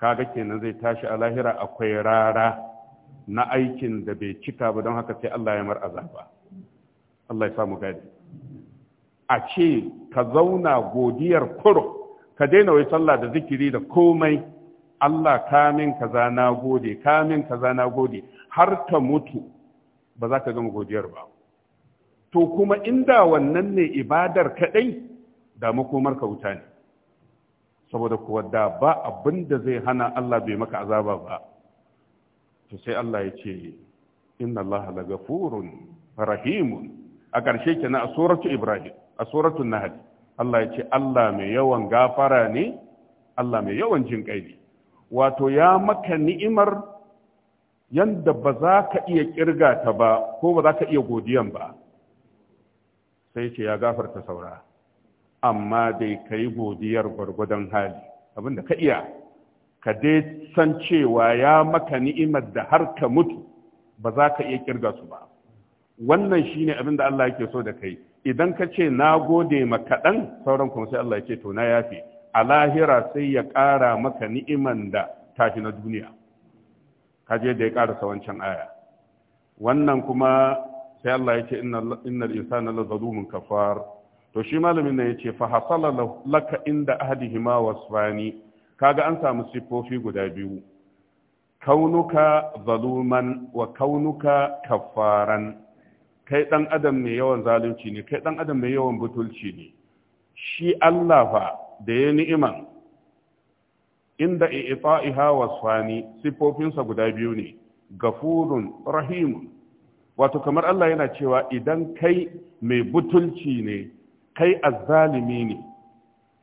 kaga kenan zai tashi a lahira akwai rara na aikin da bai cika ba don haka sai Allah ya mar azaba Allah ya samu gadi a ce ka zauna godiyar kuro ka daina wai sallah da zikiri da komai Allah kamin kaza na gode kamin kaza na gode har ka mutu ba za ka gama godiyar ba to kuma inda wannan ne ibadar kaɗai, da makomar ka wuta ne saboda kuwa da ba abin da zai hana Allah bai maka azaba ba to sai Allah ya ce inna Allah la gafurun rahimun a ƙarshe na a suratu Ibrahim a suratu Nahl Allah ya ce Allah mai yawan gafara ne Allah mai yawan jin ne wato ya maka ni'imar yanda ba za ka iya kirga ta ba ko ba za ka iya godiyan ba sai ce ya gafarta saura amma dai ka yi godiyar gwargwadon hali abin ka iya ka dai san cewa ya maka ni'imar da har ka mutu ba za ka iya kirga su ba wannan shine abin da Allah yake so da kai idan ka ce na gode ma kaɗan sauran kuma sai Allah ya ce to na yafe a lahira sai ya ƙara maka ni'iman da tafi na duniya Ka je da ya ƙarasa wancan aya wannan kuma sai Allah ya ce innal insana la zalumun kafar to shi malamin nan yace fa hasala laka inda ahadihima wasfani kaga an samu sifofi guda biyu kaunuka zaluman wa kaunuka kaffaran kai dan adam mai yawan zalunci ne kai dan adam mai yawan butulci ne shi Allah fa da ya ni'iman inda i'ta'iha wasfani sifofinsa guda biyu ne gafurun rahimun wato kamar Allah yana cewa idan kai mai butulci ne kai azzalimi ne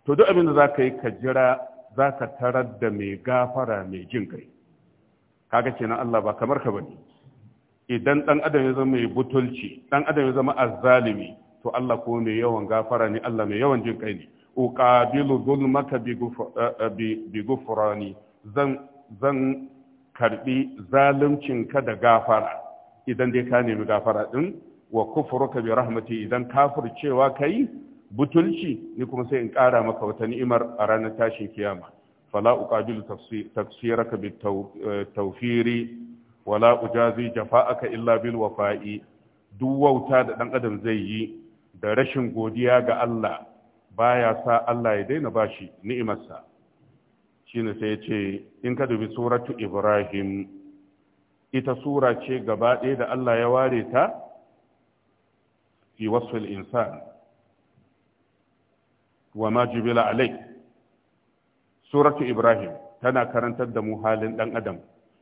to duk abin da za ka yi ka jira za ka tarar da mai gafara mai jin kai kaga kenan Allah ba kamar ka bane idan dan adam ya zama mai butulci dan adam ya zama azzalimi to Allah ko mai yawan gafara ne Allah mai yawan jin kai ne uqabilu zulmaka bi eh, eh, gufrani zan zan karbi zaluncin ka da gafara idan dai ka nemi gafara din wa kufruka bi rahmati idan cewa kai butulci ni kuma sai in ƙara maka wata ni'imar a ranar tashin kiyama fala uqabilu tafsiraka bi eh, tawfiri wala ujazi jafa'aka illa bil wafa'i duk wauta da dan adam zai yi da rashin godiya ga Allah baya sa Allah ya daina bashi ni'imarsa shine sai ya ce in ka dubi suratu Ibrahim ita sura ce gaba ɗaya da Allah ya ware ta fi wasu insan wa ma jibila alai suratu ibrahim tana karantar da mu halin dan adam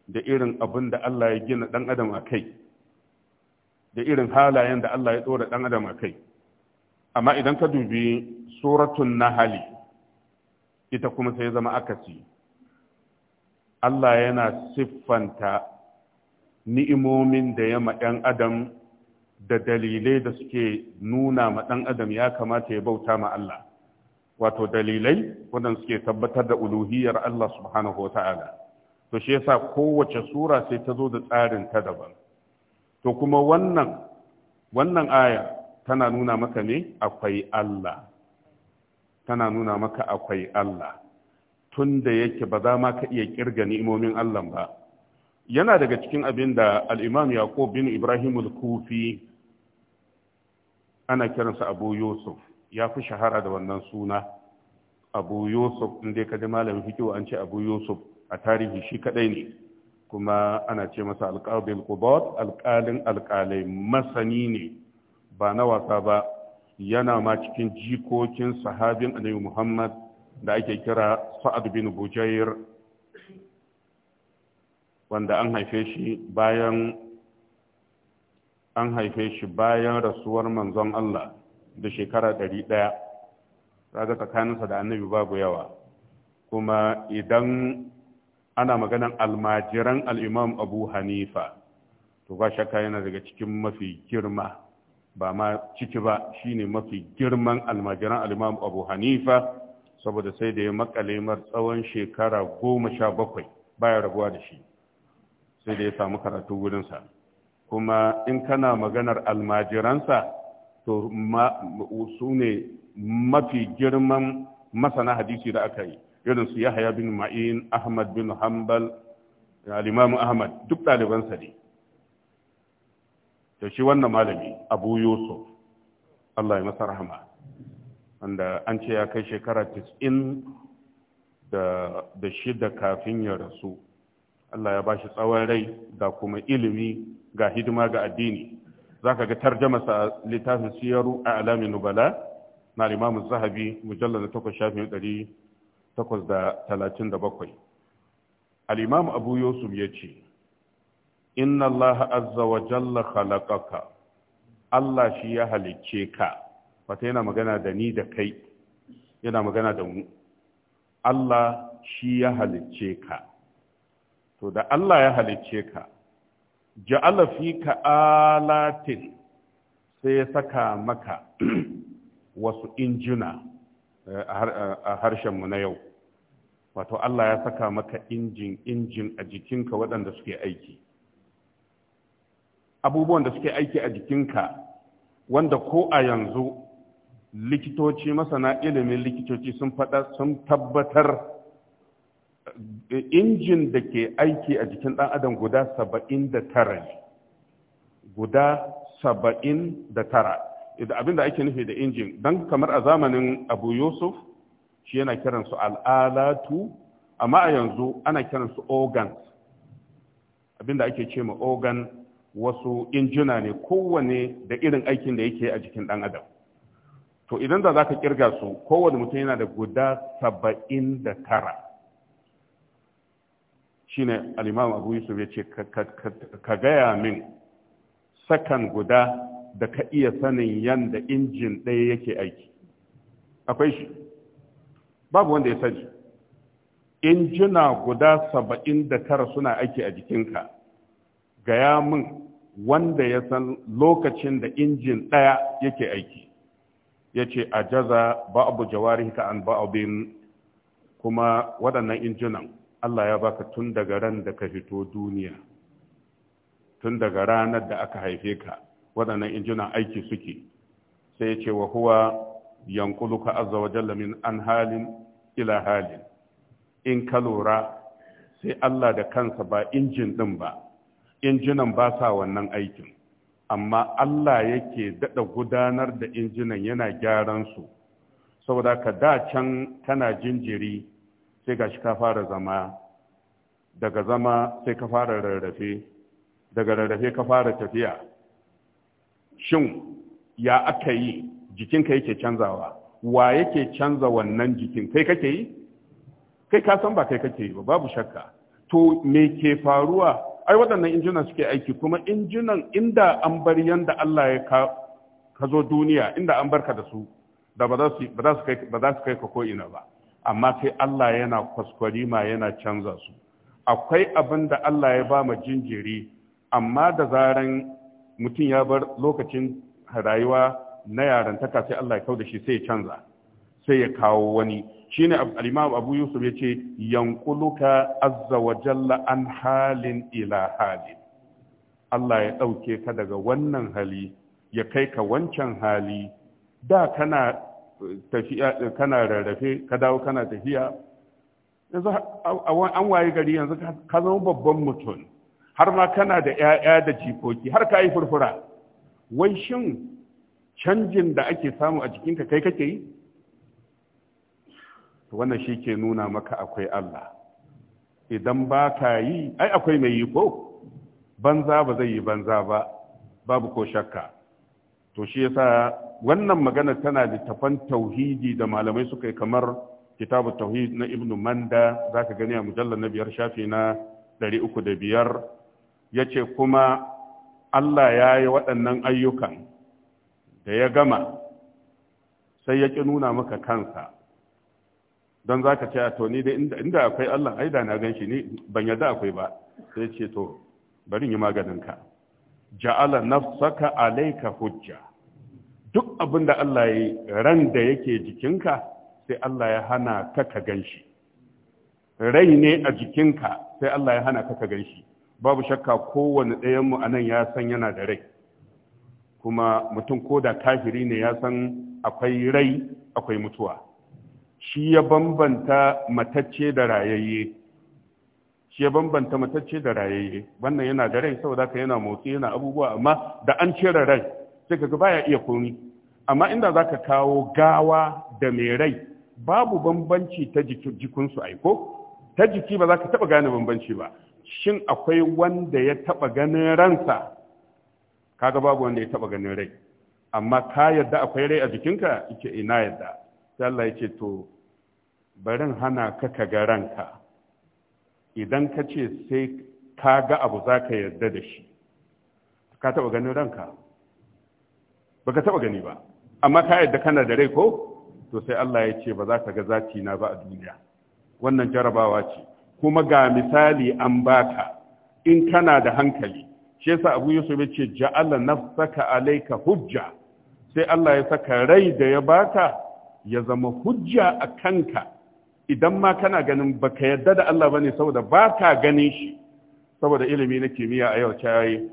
da irin abin da Allah ya gina dan adam a kai da irin halayen da Allah ya ɗora dan adam a kai amma idan ka dubi suratun nahali ita kuma sai zama akasi Allah yana siffanta ni'imomin da ya ma ‘yan adam da dalilai da suke nuna ma ɗan adam ya kamata ya bauta ma Allah wato dalilai waɗanda suke tabbatar da uluhiyar Allah subhanahu wa to shi yasa kowace sura sai ta zo da tsarin ta daban to kuma wannan wannan aya tana nuna maka ne akwai Allah tana nuna maka akwai Allah tun da yake ba za ma ka iya kirga ni'imomin Allah ba yana daga cikin abin da al-Imam Yaqub bin Ibrahim al-Kufi ana kiransa abu yusuf ya fi shahara da wannan suna abu yusuf inda ka ji malamin fikiwa an ce abu yusuf a tarihi shi kadai ne kuma ana ce masa alƙalin kubat alƙalin alƙalai masani ne ba na wasa ba yana ma cikin jikokin sahabin annabi muhammad da ake kira sa'ad bin bujair wanda an haife shi bayan an haife shi bayan rasuwar manzon Allah da shekara ɗari ɗaya raga tsakaninsa da annabi babu yawa kuma idan ana maganan almajiran al'imam abu hanifa to ba shakka yana daga cikin mafi girma ba ma ciki ba shine mafi girman almajiran al'imam abu hanifa saboda sai da ya makale mar tsawon shekara goma sha bakwai bayan rabuwa da shi sai da ya samu karatu wurinsa. kuma in kana maganar almajiransa to su ne mafi girman masana hadisi da aka yi irin su yahaya bin ma'in ahmad bin hanbal alimamu ahmad duk ɗalibansa ne da shi wannan malami abu yusuf allah ya masa rahama wanda an ce ya kai shekara 90 da shida kafin ya rasu allah ya ba shi tsawon rai da kuma ilimi ga hidima ga addini za ka ga tarjama sa littafin siyaru a alamin nubala na limamu zahabi mujallar da takwas shafin ɗari takwas da talatin da bakwai al'imamu abu yusuf ya ce inna allah azza wa jalla khalaqaka allah shi ya halicce ka wata yana magana da ni da kai yana magana da mu allah shi ya halicce ka to da allah ya halicce ka ja'ala ka alatin sai ya saka maka wasu injina eh, a harshen mu na yau wato Allah ya saka maka injin injin a jikinka waɗanda suke aiki abubuwan da suke aiki a jikinka wanda ko a yanzu likitoci masana ilimin likitoci sun sun tabbatar injin da ke aiki a jikin ɗan adam guda saba'in da tara ne guda saba'in da tara idan abin da ake nufi da injin don kamar a zamanin abu yusuf shi yana kiransu al'alatu amma a yanzu ana kiransu organs abin da ake ce ma organ wasu injina ne kowane da irin aikin da yake a jikin ɗan adam to idan da za ka kirga su kowane mutum yana da guda saba'in da tara shine alimam abu yusuf ya ce ka gaya min sakan guda da ka iya sanin yadda injin ɗaya yake aiki akwai shi babu wanda ya sani injina guda saba'in da tara suna aiki a jikinka gaya min wanda ya san lokacin da injin ɗaya yake aiki ya ce a jaza ba abu jawari ka an ba abin kuma waɗannan injinan Allah ya baka tun daga ran da ka fito duniya tun daga ranar da aka haife ka waɗannan injunan aiki suke sai ya ce wa huwa yankuluka azza wa jalla an halin ila halin in ka lura sai Allah da kansa ba injin ɗin ba injinan ba sa wannan aikin amma Allah yake daɗa gudanar da injinan yana gyaran su saboda ka da can kana jinjiri sai gashi ka fara zama daga zama sai ka fara rarrafe daga rarrafe ka fara tafiya shin ya aka yi jikinka yake canzawa wa yake canza wannan jikin kai kake yi kai ka san ba kai kake yi ba babu shakka to me ke faruwa ai waɗannan injina suke aiki kuma injinan inda an bar yanda Allah ya ka zo duniya inda an barka da su da ba za su kai ka ko ina ba amma sai Allah yana kwaskwari ma yana canza su akwai abin da Allah ya ba ma jinjiri amma da zaran mutum ya bar lokacin rayuwa na yarantaka sai Allah ya kau da shi sai ya canza sai ya kawo wani shine al-Imam Abu Yusuf yace yanquluka azza wa jalla an halin ila halin Allah ya dauke ka daga wannan hali ya kai ka wancan hali da kana tafiya eh, kana rarrafe ka dawo kana tafiya yanzu an waye gari yanzu ka zama babban mutum har ma kana da 'ya'ya da jikoki har ka yi furfura wai shin canjin da ake samu a jikinka kai kake yi wannan shi ke nuna maka akwai Allah idan ba ka yi ai akwai mai yi ko banza ba zai yi banza ba babu ko shakka to shi yasa wannan magana tana da tafan tauhidi da malamai suka yi kamar kitabu tauhid na ibn manda zaka gani a mujallar na biyar shafi na 305 yace kuma Allah ya yi waɗannan ayyukan da ya gama sai ya ƙi nuna maka kansa don za ka ce a to ni dai inda akwai Allah aida na gan shi ni ban yadda akwai ba sai ce to bari yi maganinka ja'ala nafsaka alayka hujja duk abin da Allah ya ran da yake jikinka sai Allah ya hana ka ka ganshi rai ne a jikinka sai Allah ya hana ka ka ganshi babu shakka kowane ɗayan mu anan ya san yana da rai kuma mutum ko da kafiri ne ya san akwai rai akwai mutuwa shi ya bambanta matacce da rayayye shi ya bambanta matacce da rayayye wannan yana da rai saboda ka yana motsi yana abubuwa amma da an cire rai sai ka baya iya komi amma inda za ka kawo gawa da mai rai babu bambanci ta jikinsu aiko ta jiki ba za ka taba gane bambanci ba shin akwai wanda ya taba ganin ransa kaga babu wanda ya taba ganin rai amma ka yadda akwai rai a jikinka yake ina eh, yadda sai Allah ce to barin hana ka ka ga ranka idan ka ce sai ka ga abu za ka yarda da shi ka taɓa ganin ranka ba ka taɓa gani ba amma ka yarda kana da rai ko to sai Allah ya ce ba za ka ga zati na ba a duniya wannan jarabawa ce kuma ga misali an baka in kana da hankali shi yasa Abu Yusuf ya ce ja'ala nafsaka alayka hujja sai Allah ya saka rai da ya baka ya zama hujja a kanka idan ma kana ganin baka yadda da Allah bane saboda ba ka ganin shi saboda ilimi na kimiyya a yau cayi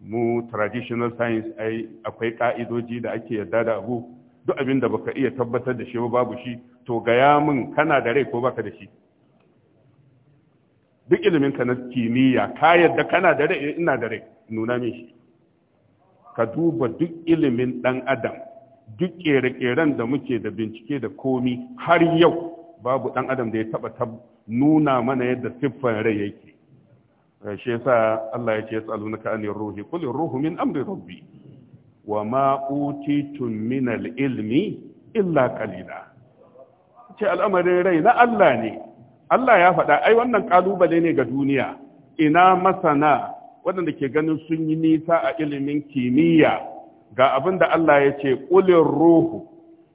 mu traditional science ai akwai ka'idoji da ake yadda da abu duk abin da baka iya tabbatar da shi ba babu shi to gaya min kana da rai ko baka da shi duk ilimin ka na kimiyya ka yadda kana da rai eh, ina da rai nuna min shi ka duba duk ilimin dan adam duk kere-keren da muke da bincike da komi har yau babu ɗan adam da ya taɓa nuna mana yadda siffan rai yake eh, shi yasa Allah ya ce na ka'anin ruhi qul ruhu min amri rabbi wa ma utitum min ilmi illa qalila ce al'amarin rai na Allah ne Allah ya faɗa ai wannan ƙalubale ne ga duniya ina masana waɗanda ke ganin sun yi nisa a ilimin kimiyya ga abin da Allah ya ce ƙulin ruhu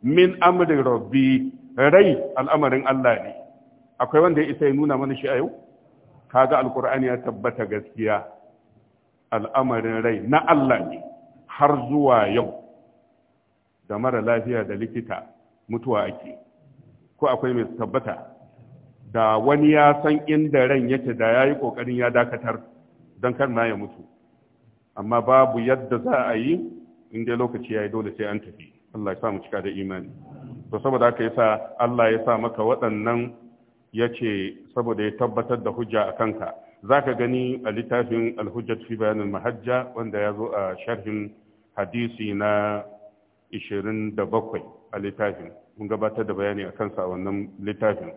min amri rabbi rai al'amarin Allah ne akwai wanda ya isa ya nuna mana shi a yau Ka ga alkur'ani ya tabbata gaskiya al'amarin rai na Allah ne har zuwa yau da mara lafiya da likita mutuwa ake ko akwai mai tabbata da wani ya san inda ran yake da ya yi ƙoƙarin ya dakatar don kar na ya mutu amma babu yadda za a yi inda lokaci ya yi dole sai an tafi Allah ya samu cika da imani to saboda haka yasa Allah ya sa maka waɗannan yace saboda ya tabbatar da hujja a kanka zaka gani a littafin al-hujjat fi bayan mahajja wanda ya zo a sharhin hadisi na 27 a littafin mun gabatar da bayani a kansa a wannan littafin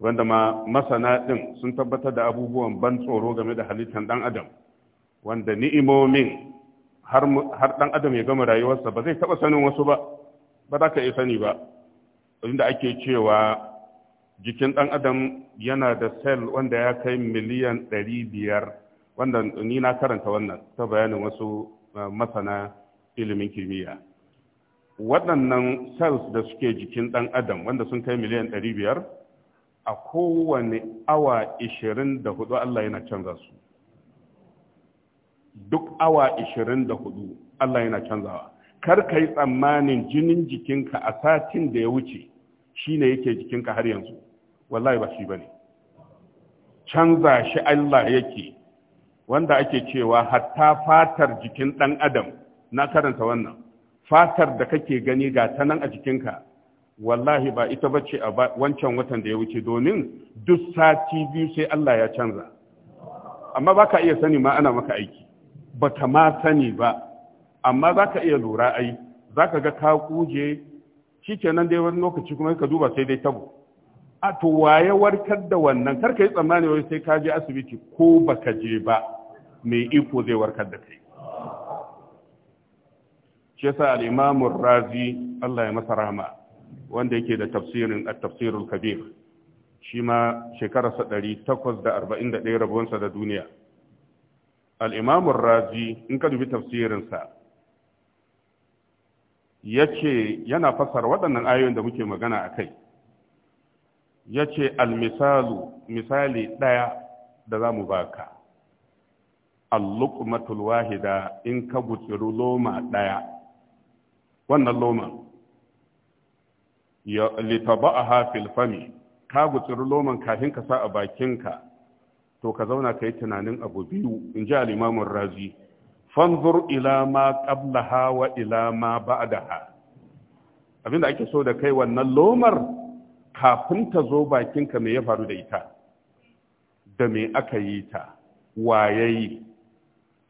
wanda ma masana ɗin sun tabbatar da abubuwan ban tsoro game da halittar ɗan adam wanda ni'imomin har ɗan adam ya gama rayuwarsa ba zai taɓa sanin wasu ba ba za ka iya sani ba inda ake cewa jikin ɗan adam yana da sel wanda ya kai miliyan ɗari biyar wanda ni na karanta wannan ta bayanin wasu eh, masana ilimin kimiyya waɗannan cells da suke jikin ɗan adam wanda sun kai miliyan ɗari biyar a kowane awa 24 Allah yana canza su duk awa 24 Allah yana canzawa kar ka yi tsammanin jinin jikinka a satin da ya wuce shi ne yake jikinka har yanzu wallahi ba shi ba ne canza shi Allah yake wanda ake cewa hatta fatar jikin ɗan adam na karanta wannan fatar da kake gani ga ta nan a jikinka wallahi ba ita ba ce a wancan watan da ya wuce domin duk sati biyu sai Allah ya canza amma ba ka iya sani ma ana maka aiki ba ka ma sani ba amma za ka iya lura ai za ka ga ka kuje shi kenan dai wani lokaci kuma ka duba sai dai tabo a to waye warkar da wannan kar ka yi tsammani wai sai ka je asibiti ko baka je ba mai iko zai warkar da kai shi yasa al-imam razi Allah ya masa rahama wanda yake da tafsirin at-tafsirul kabir shi ma shekararsa 841 rabuwansa da duniya al-imam razi in ka dubi tafsirinsa Yace yana fassara waɗannan ayoyin da muke magana a kai ya ce almisalu misali ɗaya da za mu baka alluqmatul wahida in ka gutsiru loma ɗaya wannan loman ya litaba a hafil fami ka gutsiru loman kafin ka sa a bakinka to ka zauna ka yi tunanin abu biyu in ji alimamun razi fanzur ila ma qablaha wa ila ma ba'daha abinda ake so da kai wannan lomar kafin ta zo bakinka me ya faru da ita da me aka yi ta wayayi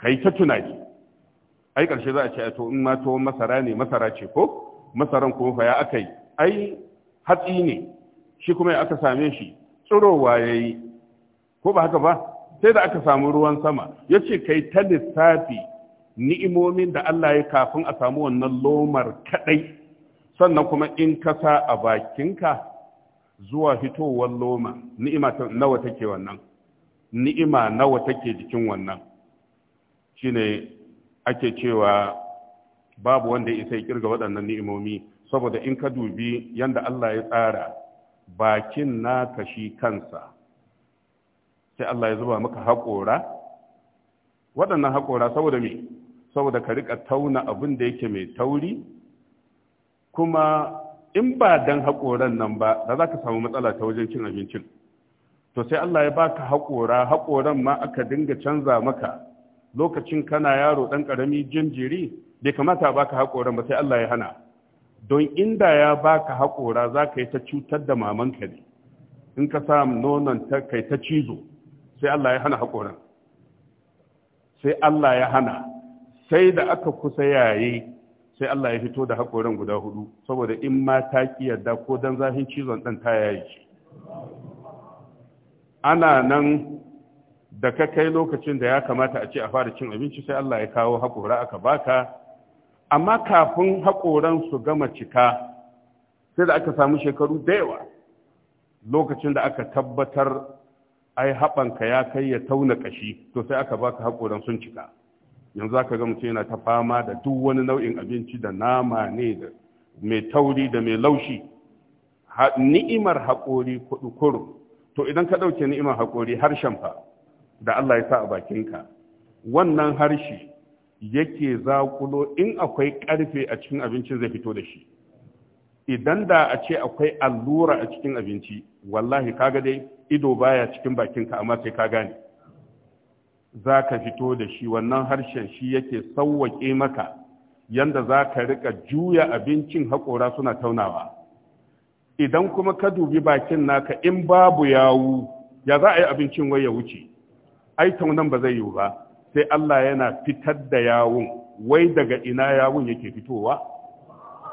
kai ta tunani ai karshe za a ce to in ma to masara ne masara ce ko masaran kuma fa ya aka yi ai hatsi ne shi kuma ya aka same shi Tsiro wayayi ko ba haka ba sai da aka samu ruwan sama ya ce kai ta lissafi ni'imomin da Allah ya kafin a samu wannan lomar kadai sannan kuma in ka sa a bakinka zuwa hitowar loma ni'ima nawa take wannan ni'ima nawa take jikin wannan shine ake cewa babu wanda ya isa kirga waɗannan ni'imomi saboda in ka dubi yanda Allah ya tsara bakin na shi kansa sai Allah ya zuba maka haƙora waɗannan haƙora saboda me saboda ka rika tauna abin da yake mai tauri kuma in ba dan haƙoran nan ba da za ka samu matsala ta wajen cin abincin to sai Allah ya baka haƙora haƙoran ma aka dinga canza maka lokacin kana yaro ɗan ƙarami jinjiri bai kamata baka haƙoran ba sai Allah ya hana don inda ya baka haƙora za ka yi ta cutar da mamanka ne in ka sa nonon ta kai ta cizo sai Allah ya hana haƙoran sai Allah ya hana sai da aka kusa yayi sai Allah ya fito da haƙoran guda hudu saboda in ma ta ki ko dan zahin cizon ɗan ta yayi shi ana nan da ka kai lokacin da ya kamata a ce a fara cin abinci sai Allah ya kawo haƙora aka baka amma kafin haƙoran su gama cika sai da aka samu shekaru da yawa lokacin da aka tabbatar ai haɓanka ya kai ya tauna ƙashi to sai aka baka haƙoran sun cika yanzu za ga mutum yana ta fama da duk wani nau'in abinci da nama ne da mai tauri da mai laushi ni'imar haƙori kuɗi to idan ka ɗauke ni'imar haƙori harshen fa da Allah ya sa a bakinka wannan harshe yake zaƙulo in akwai ƙarfe a cikin abincin zai fito da shi idan da a ce akwai allura a cikin abinci wallahi kaga dai ido baya cikin bakinka amma sai ka gane za ka fito da shi wannan harshen shi yake sauwaƙe maka yanda za ka riƙa juya abincin haƙora suna taunawa idan kuma ka dubi bakin naka in babu yawu ya za a yi abincin wai ya wuce ai taunan ba zai yiwu ba sai Allah yana fitar da yawun wai daga ina yawun yake fitowa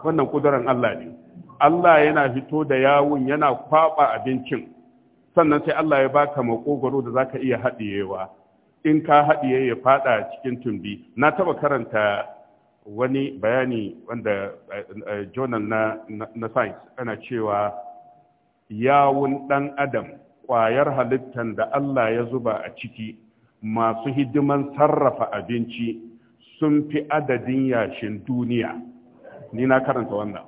wannan kuduran Allah ne Allah yana fito da yawun yana kwaba abincin sannan sai Allah ya baka makogoro da zaka iya haɗiyewa in ka haɗiye ya faɗa cikin tumbi na taba karanta wani bayani wanda eh, eh, jonan na, science ana cewa yawun ɗan adam ƙwayar halittar da Allah ya zuba a ciki masu hidiman sarrafa abinci sun fi adadin yashin duniya ni na karanta wannan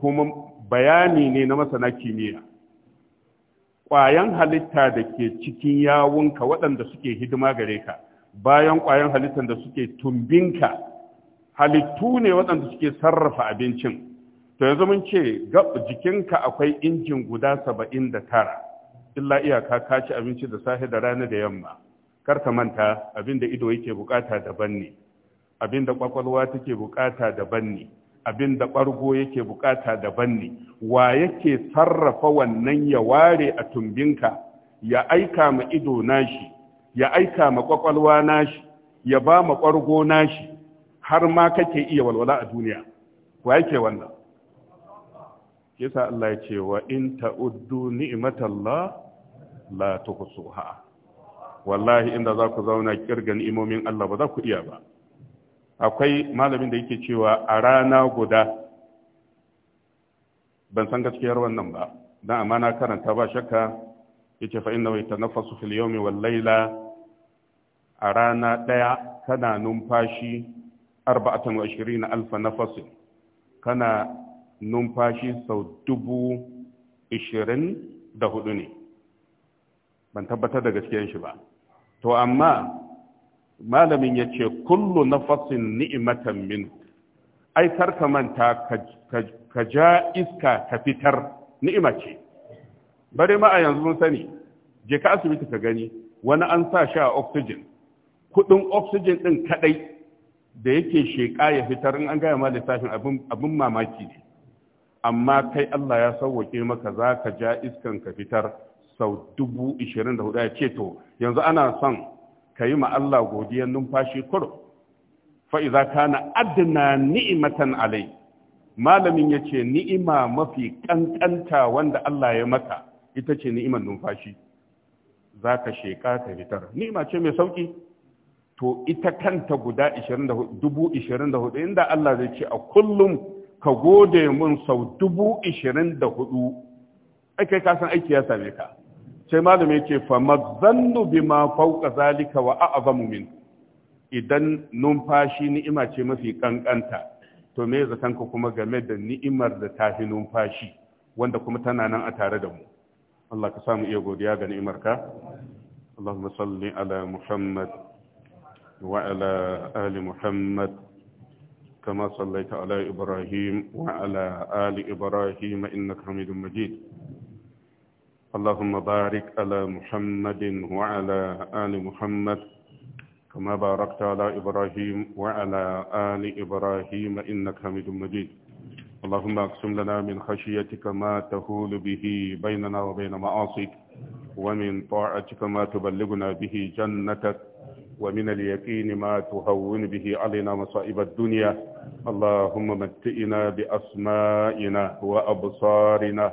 kuma bayani ne na masana kimiyya ƙwayan halitta da ke cikin yawunka waɗanda suke hidima gare ka bayan ƙwayan halittar da suke tumbinka halittu ne waɗanda suke sarrafa abincin to yanzu mun ce jikinka akwai injin guda saba'in da tara illa iyaka ka ci abinci da safe da rana da yamma kar ka manta abin da ido yake bukata daban ne abin da kwakwalwa take bukata daban ne abin da ɓargo yake bukata daban ne wa yake sarrafa wannan ya ware a tumbinka ya aika ma ido nashi ya aika ma kwakwalwa nashi ya ba ma ɓargo nashi har ma kake iya walwala a duniya wa yake wannan yasa Allah ya ce wa in ta'uddu ni'matallah la tuhsuha wallahi inda za ku zauna kirgan imomin Allah ba za ku iya ba akwai malamin da yake cewa a rana guda ban san gaskiyar wannan ba dan amma na karanta ba shakka yace fa inna na fil yawmi wal layla a rana daya kana numfashi 24000 nafas kana numfashi sau dubu ishirin da hudu ne ban tabbatar da gaskiyar shi ba to amma malamin ya ce kullu nafasin ni'imatan min ai karka manta ka ja iska ka fitar ni'ima ce bare ma a yanzu mun sani je ka asibiti ka gani wani an sa shi a oxygen kudin oxygen din kadai da yake sheka ya fitar in an gaya ma lissafin abin mamaki ne amma kai Allah ya sauwake maka za ka ja iskan ka fitar sau dubu ishirin da hudu ya ce to yanzu ana son ka yi ma Allah godiyar numfashi kuro fa'iza na adana ni'imatan alai malamin ya ce ni'ima mafi ƙanƙanta wanda Allah ya maka ita ce ni'iman numfashi za ka sheƙa ta fitar ni'ima ce mai sauƙi to ita kanta guda 24,000 inda Allah zai ce a kullum ka gode mun sau 24,000 kasan aiki ya same ka sai malami yake fa mazannu ma fauka zalika wa a'zamu min idan numfashi ni'ima ce mafi kankanta to me zaton ka kuma game da ni'imar da ta fi numfashi wanda kuma tana nan a tare da mu Allah ka samu iya godiya ga ni'imar ka Allahumma salli ala Muhammad wa ala ali Muhammad كما صليت Ibrahim إبراهيم وعلى آل إبراهيم إنك حميد مجيد اللهم بارك على محمد وعلى آل محمد كما باركت على إبراهيم وعلى آل إبراهيم إنك حميد مجيد اللهم اقسم لنا من خشيتك ما تهول به بيننا وبين معاصيك ومن طاعتك ما تبلغنا به جنتك ومن اليقين ما تهون به علينا مصائب الدنيا اللهم متئنا بأسمائنا وأبصارنا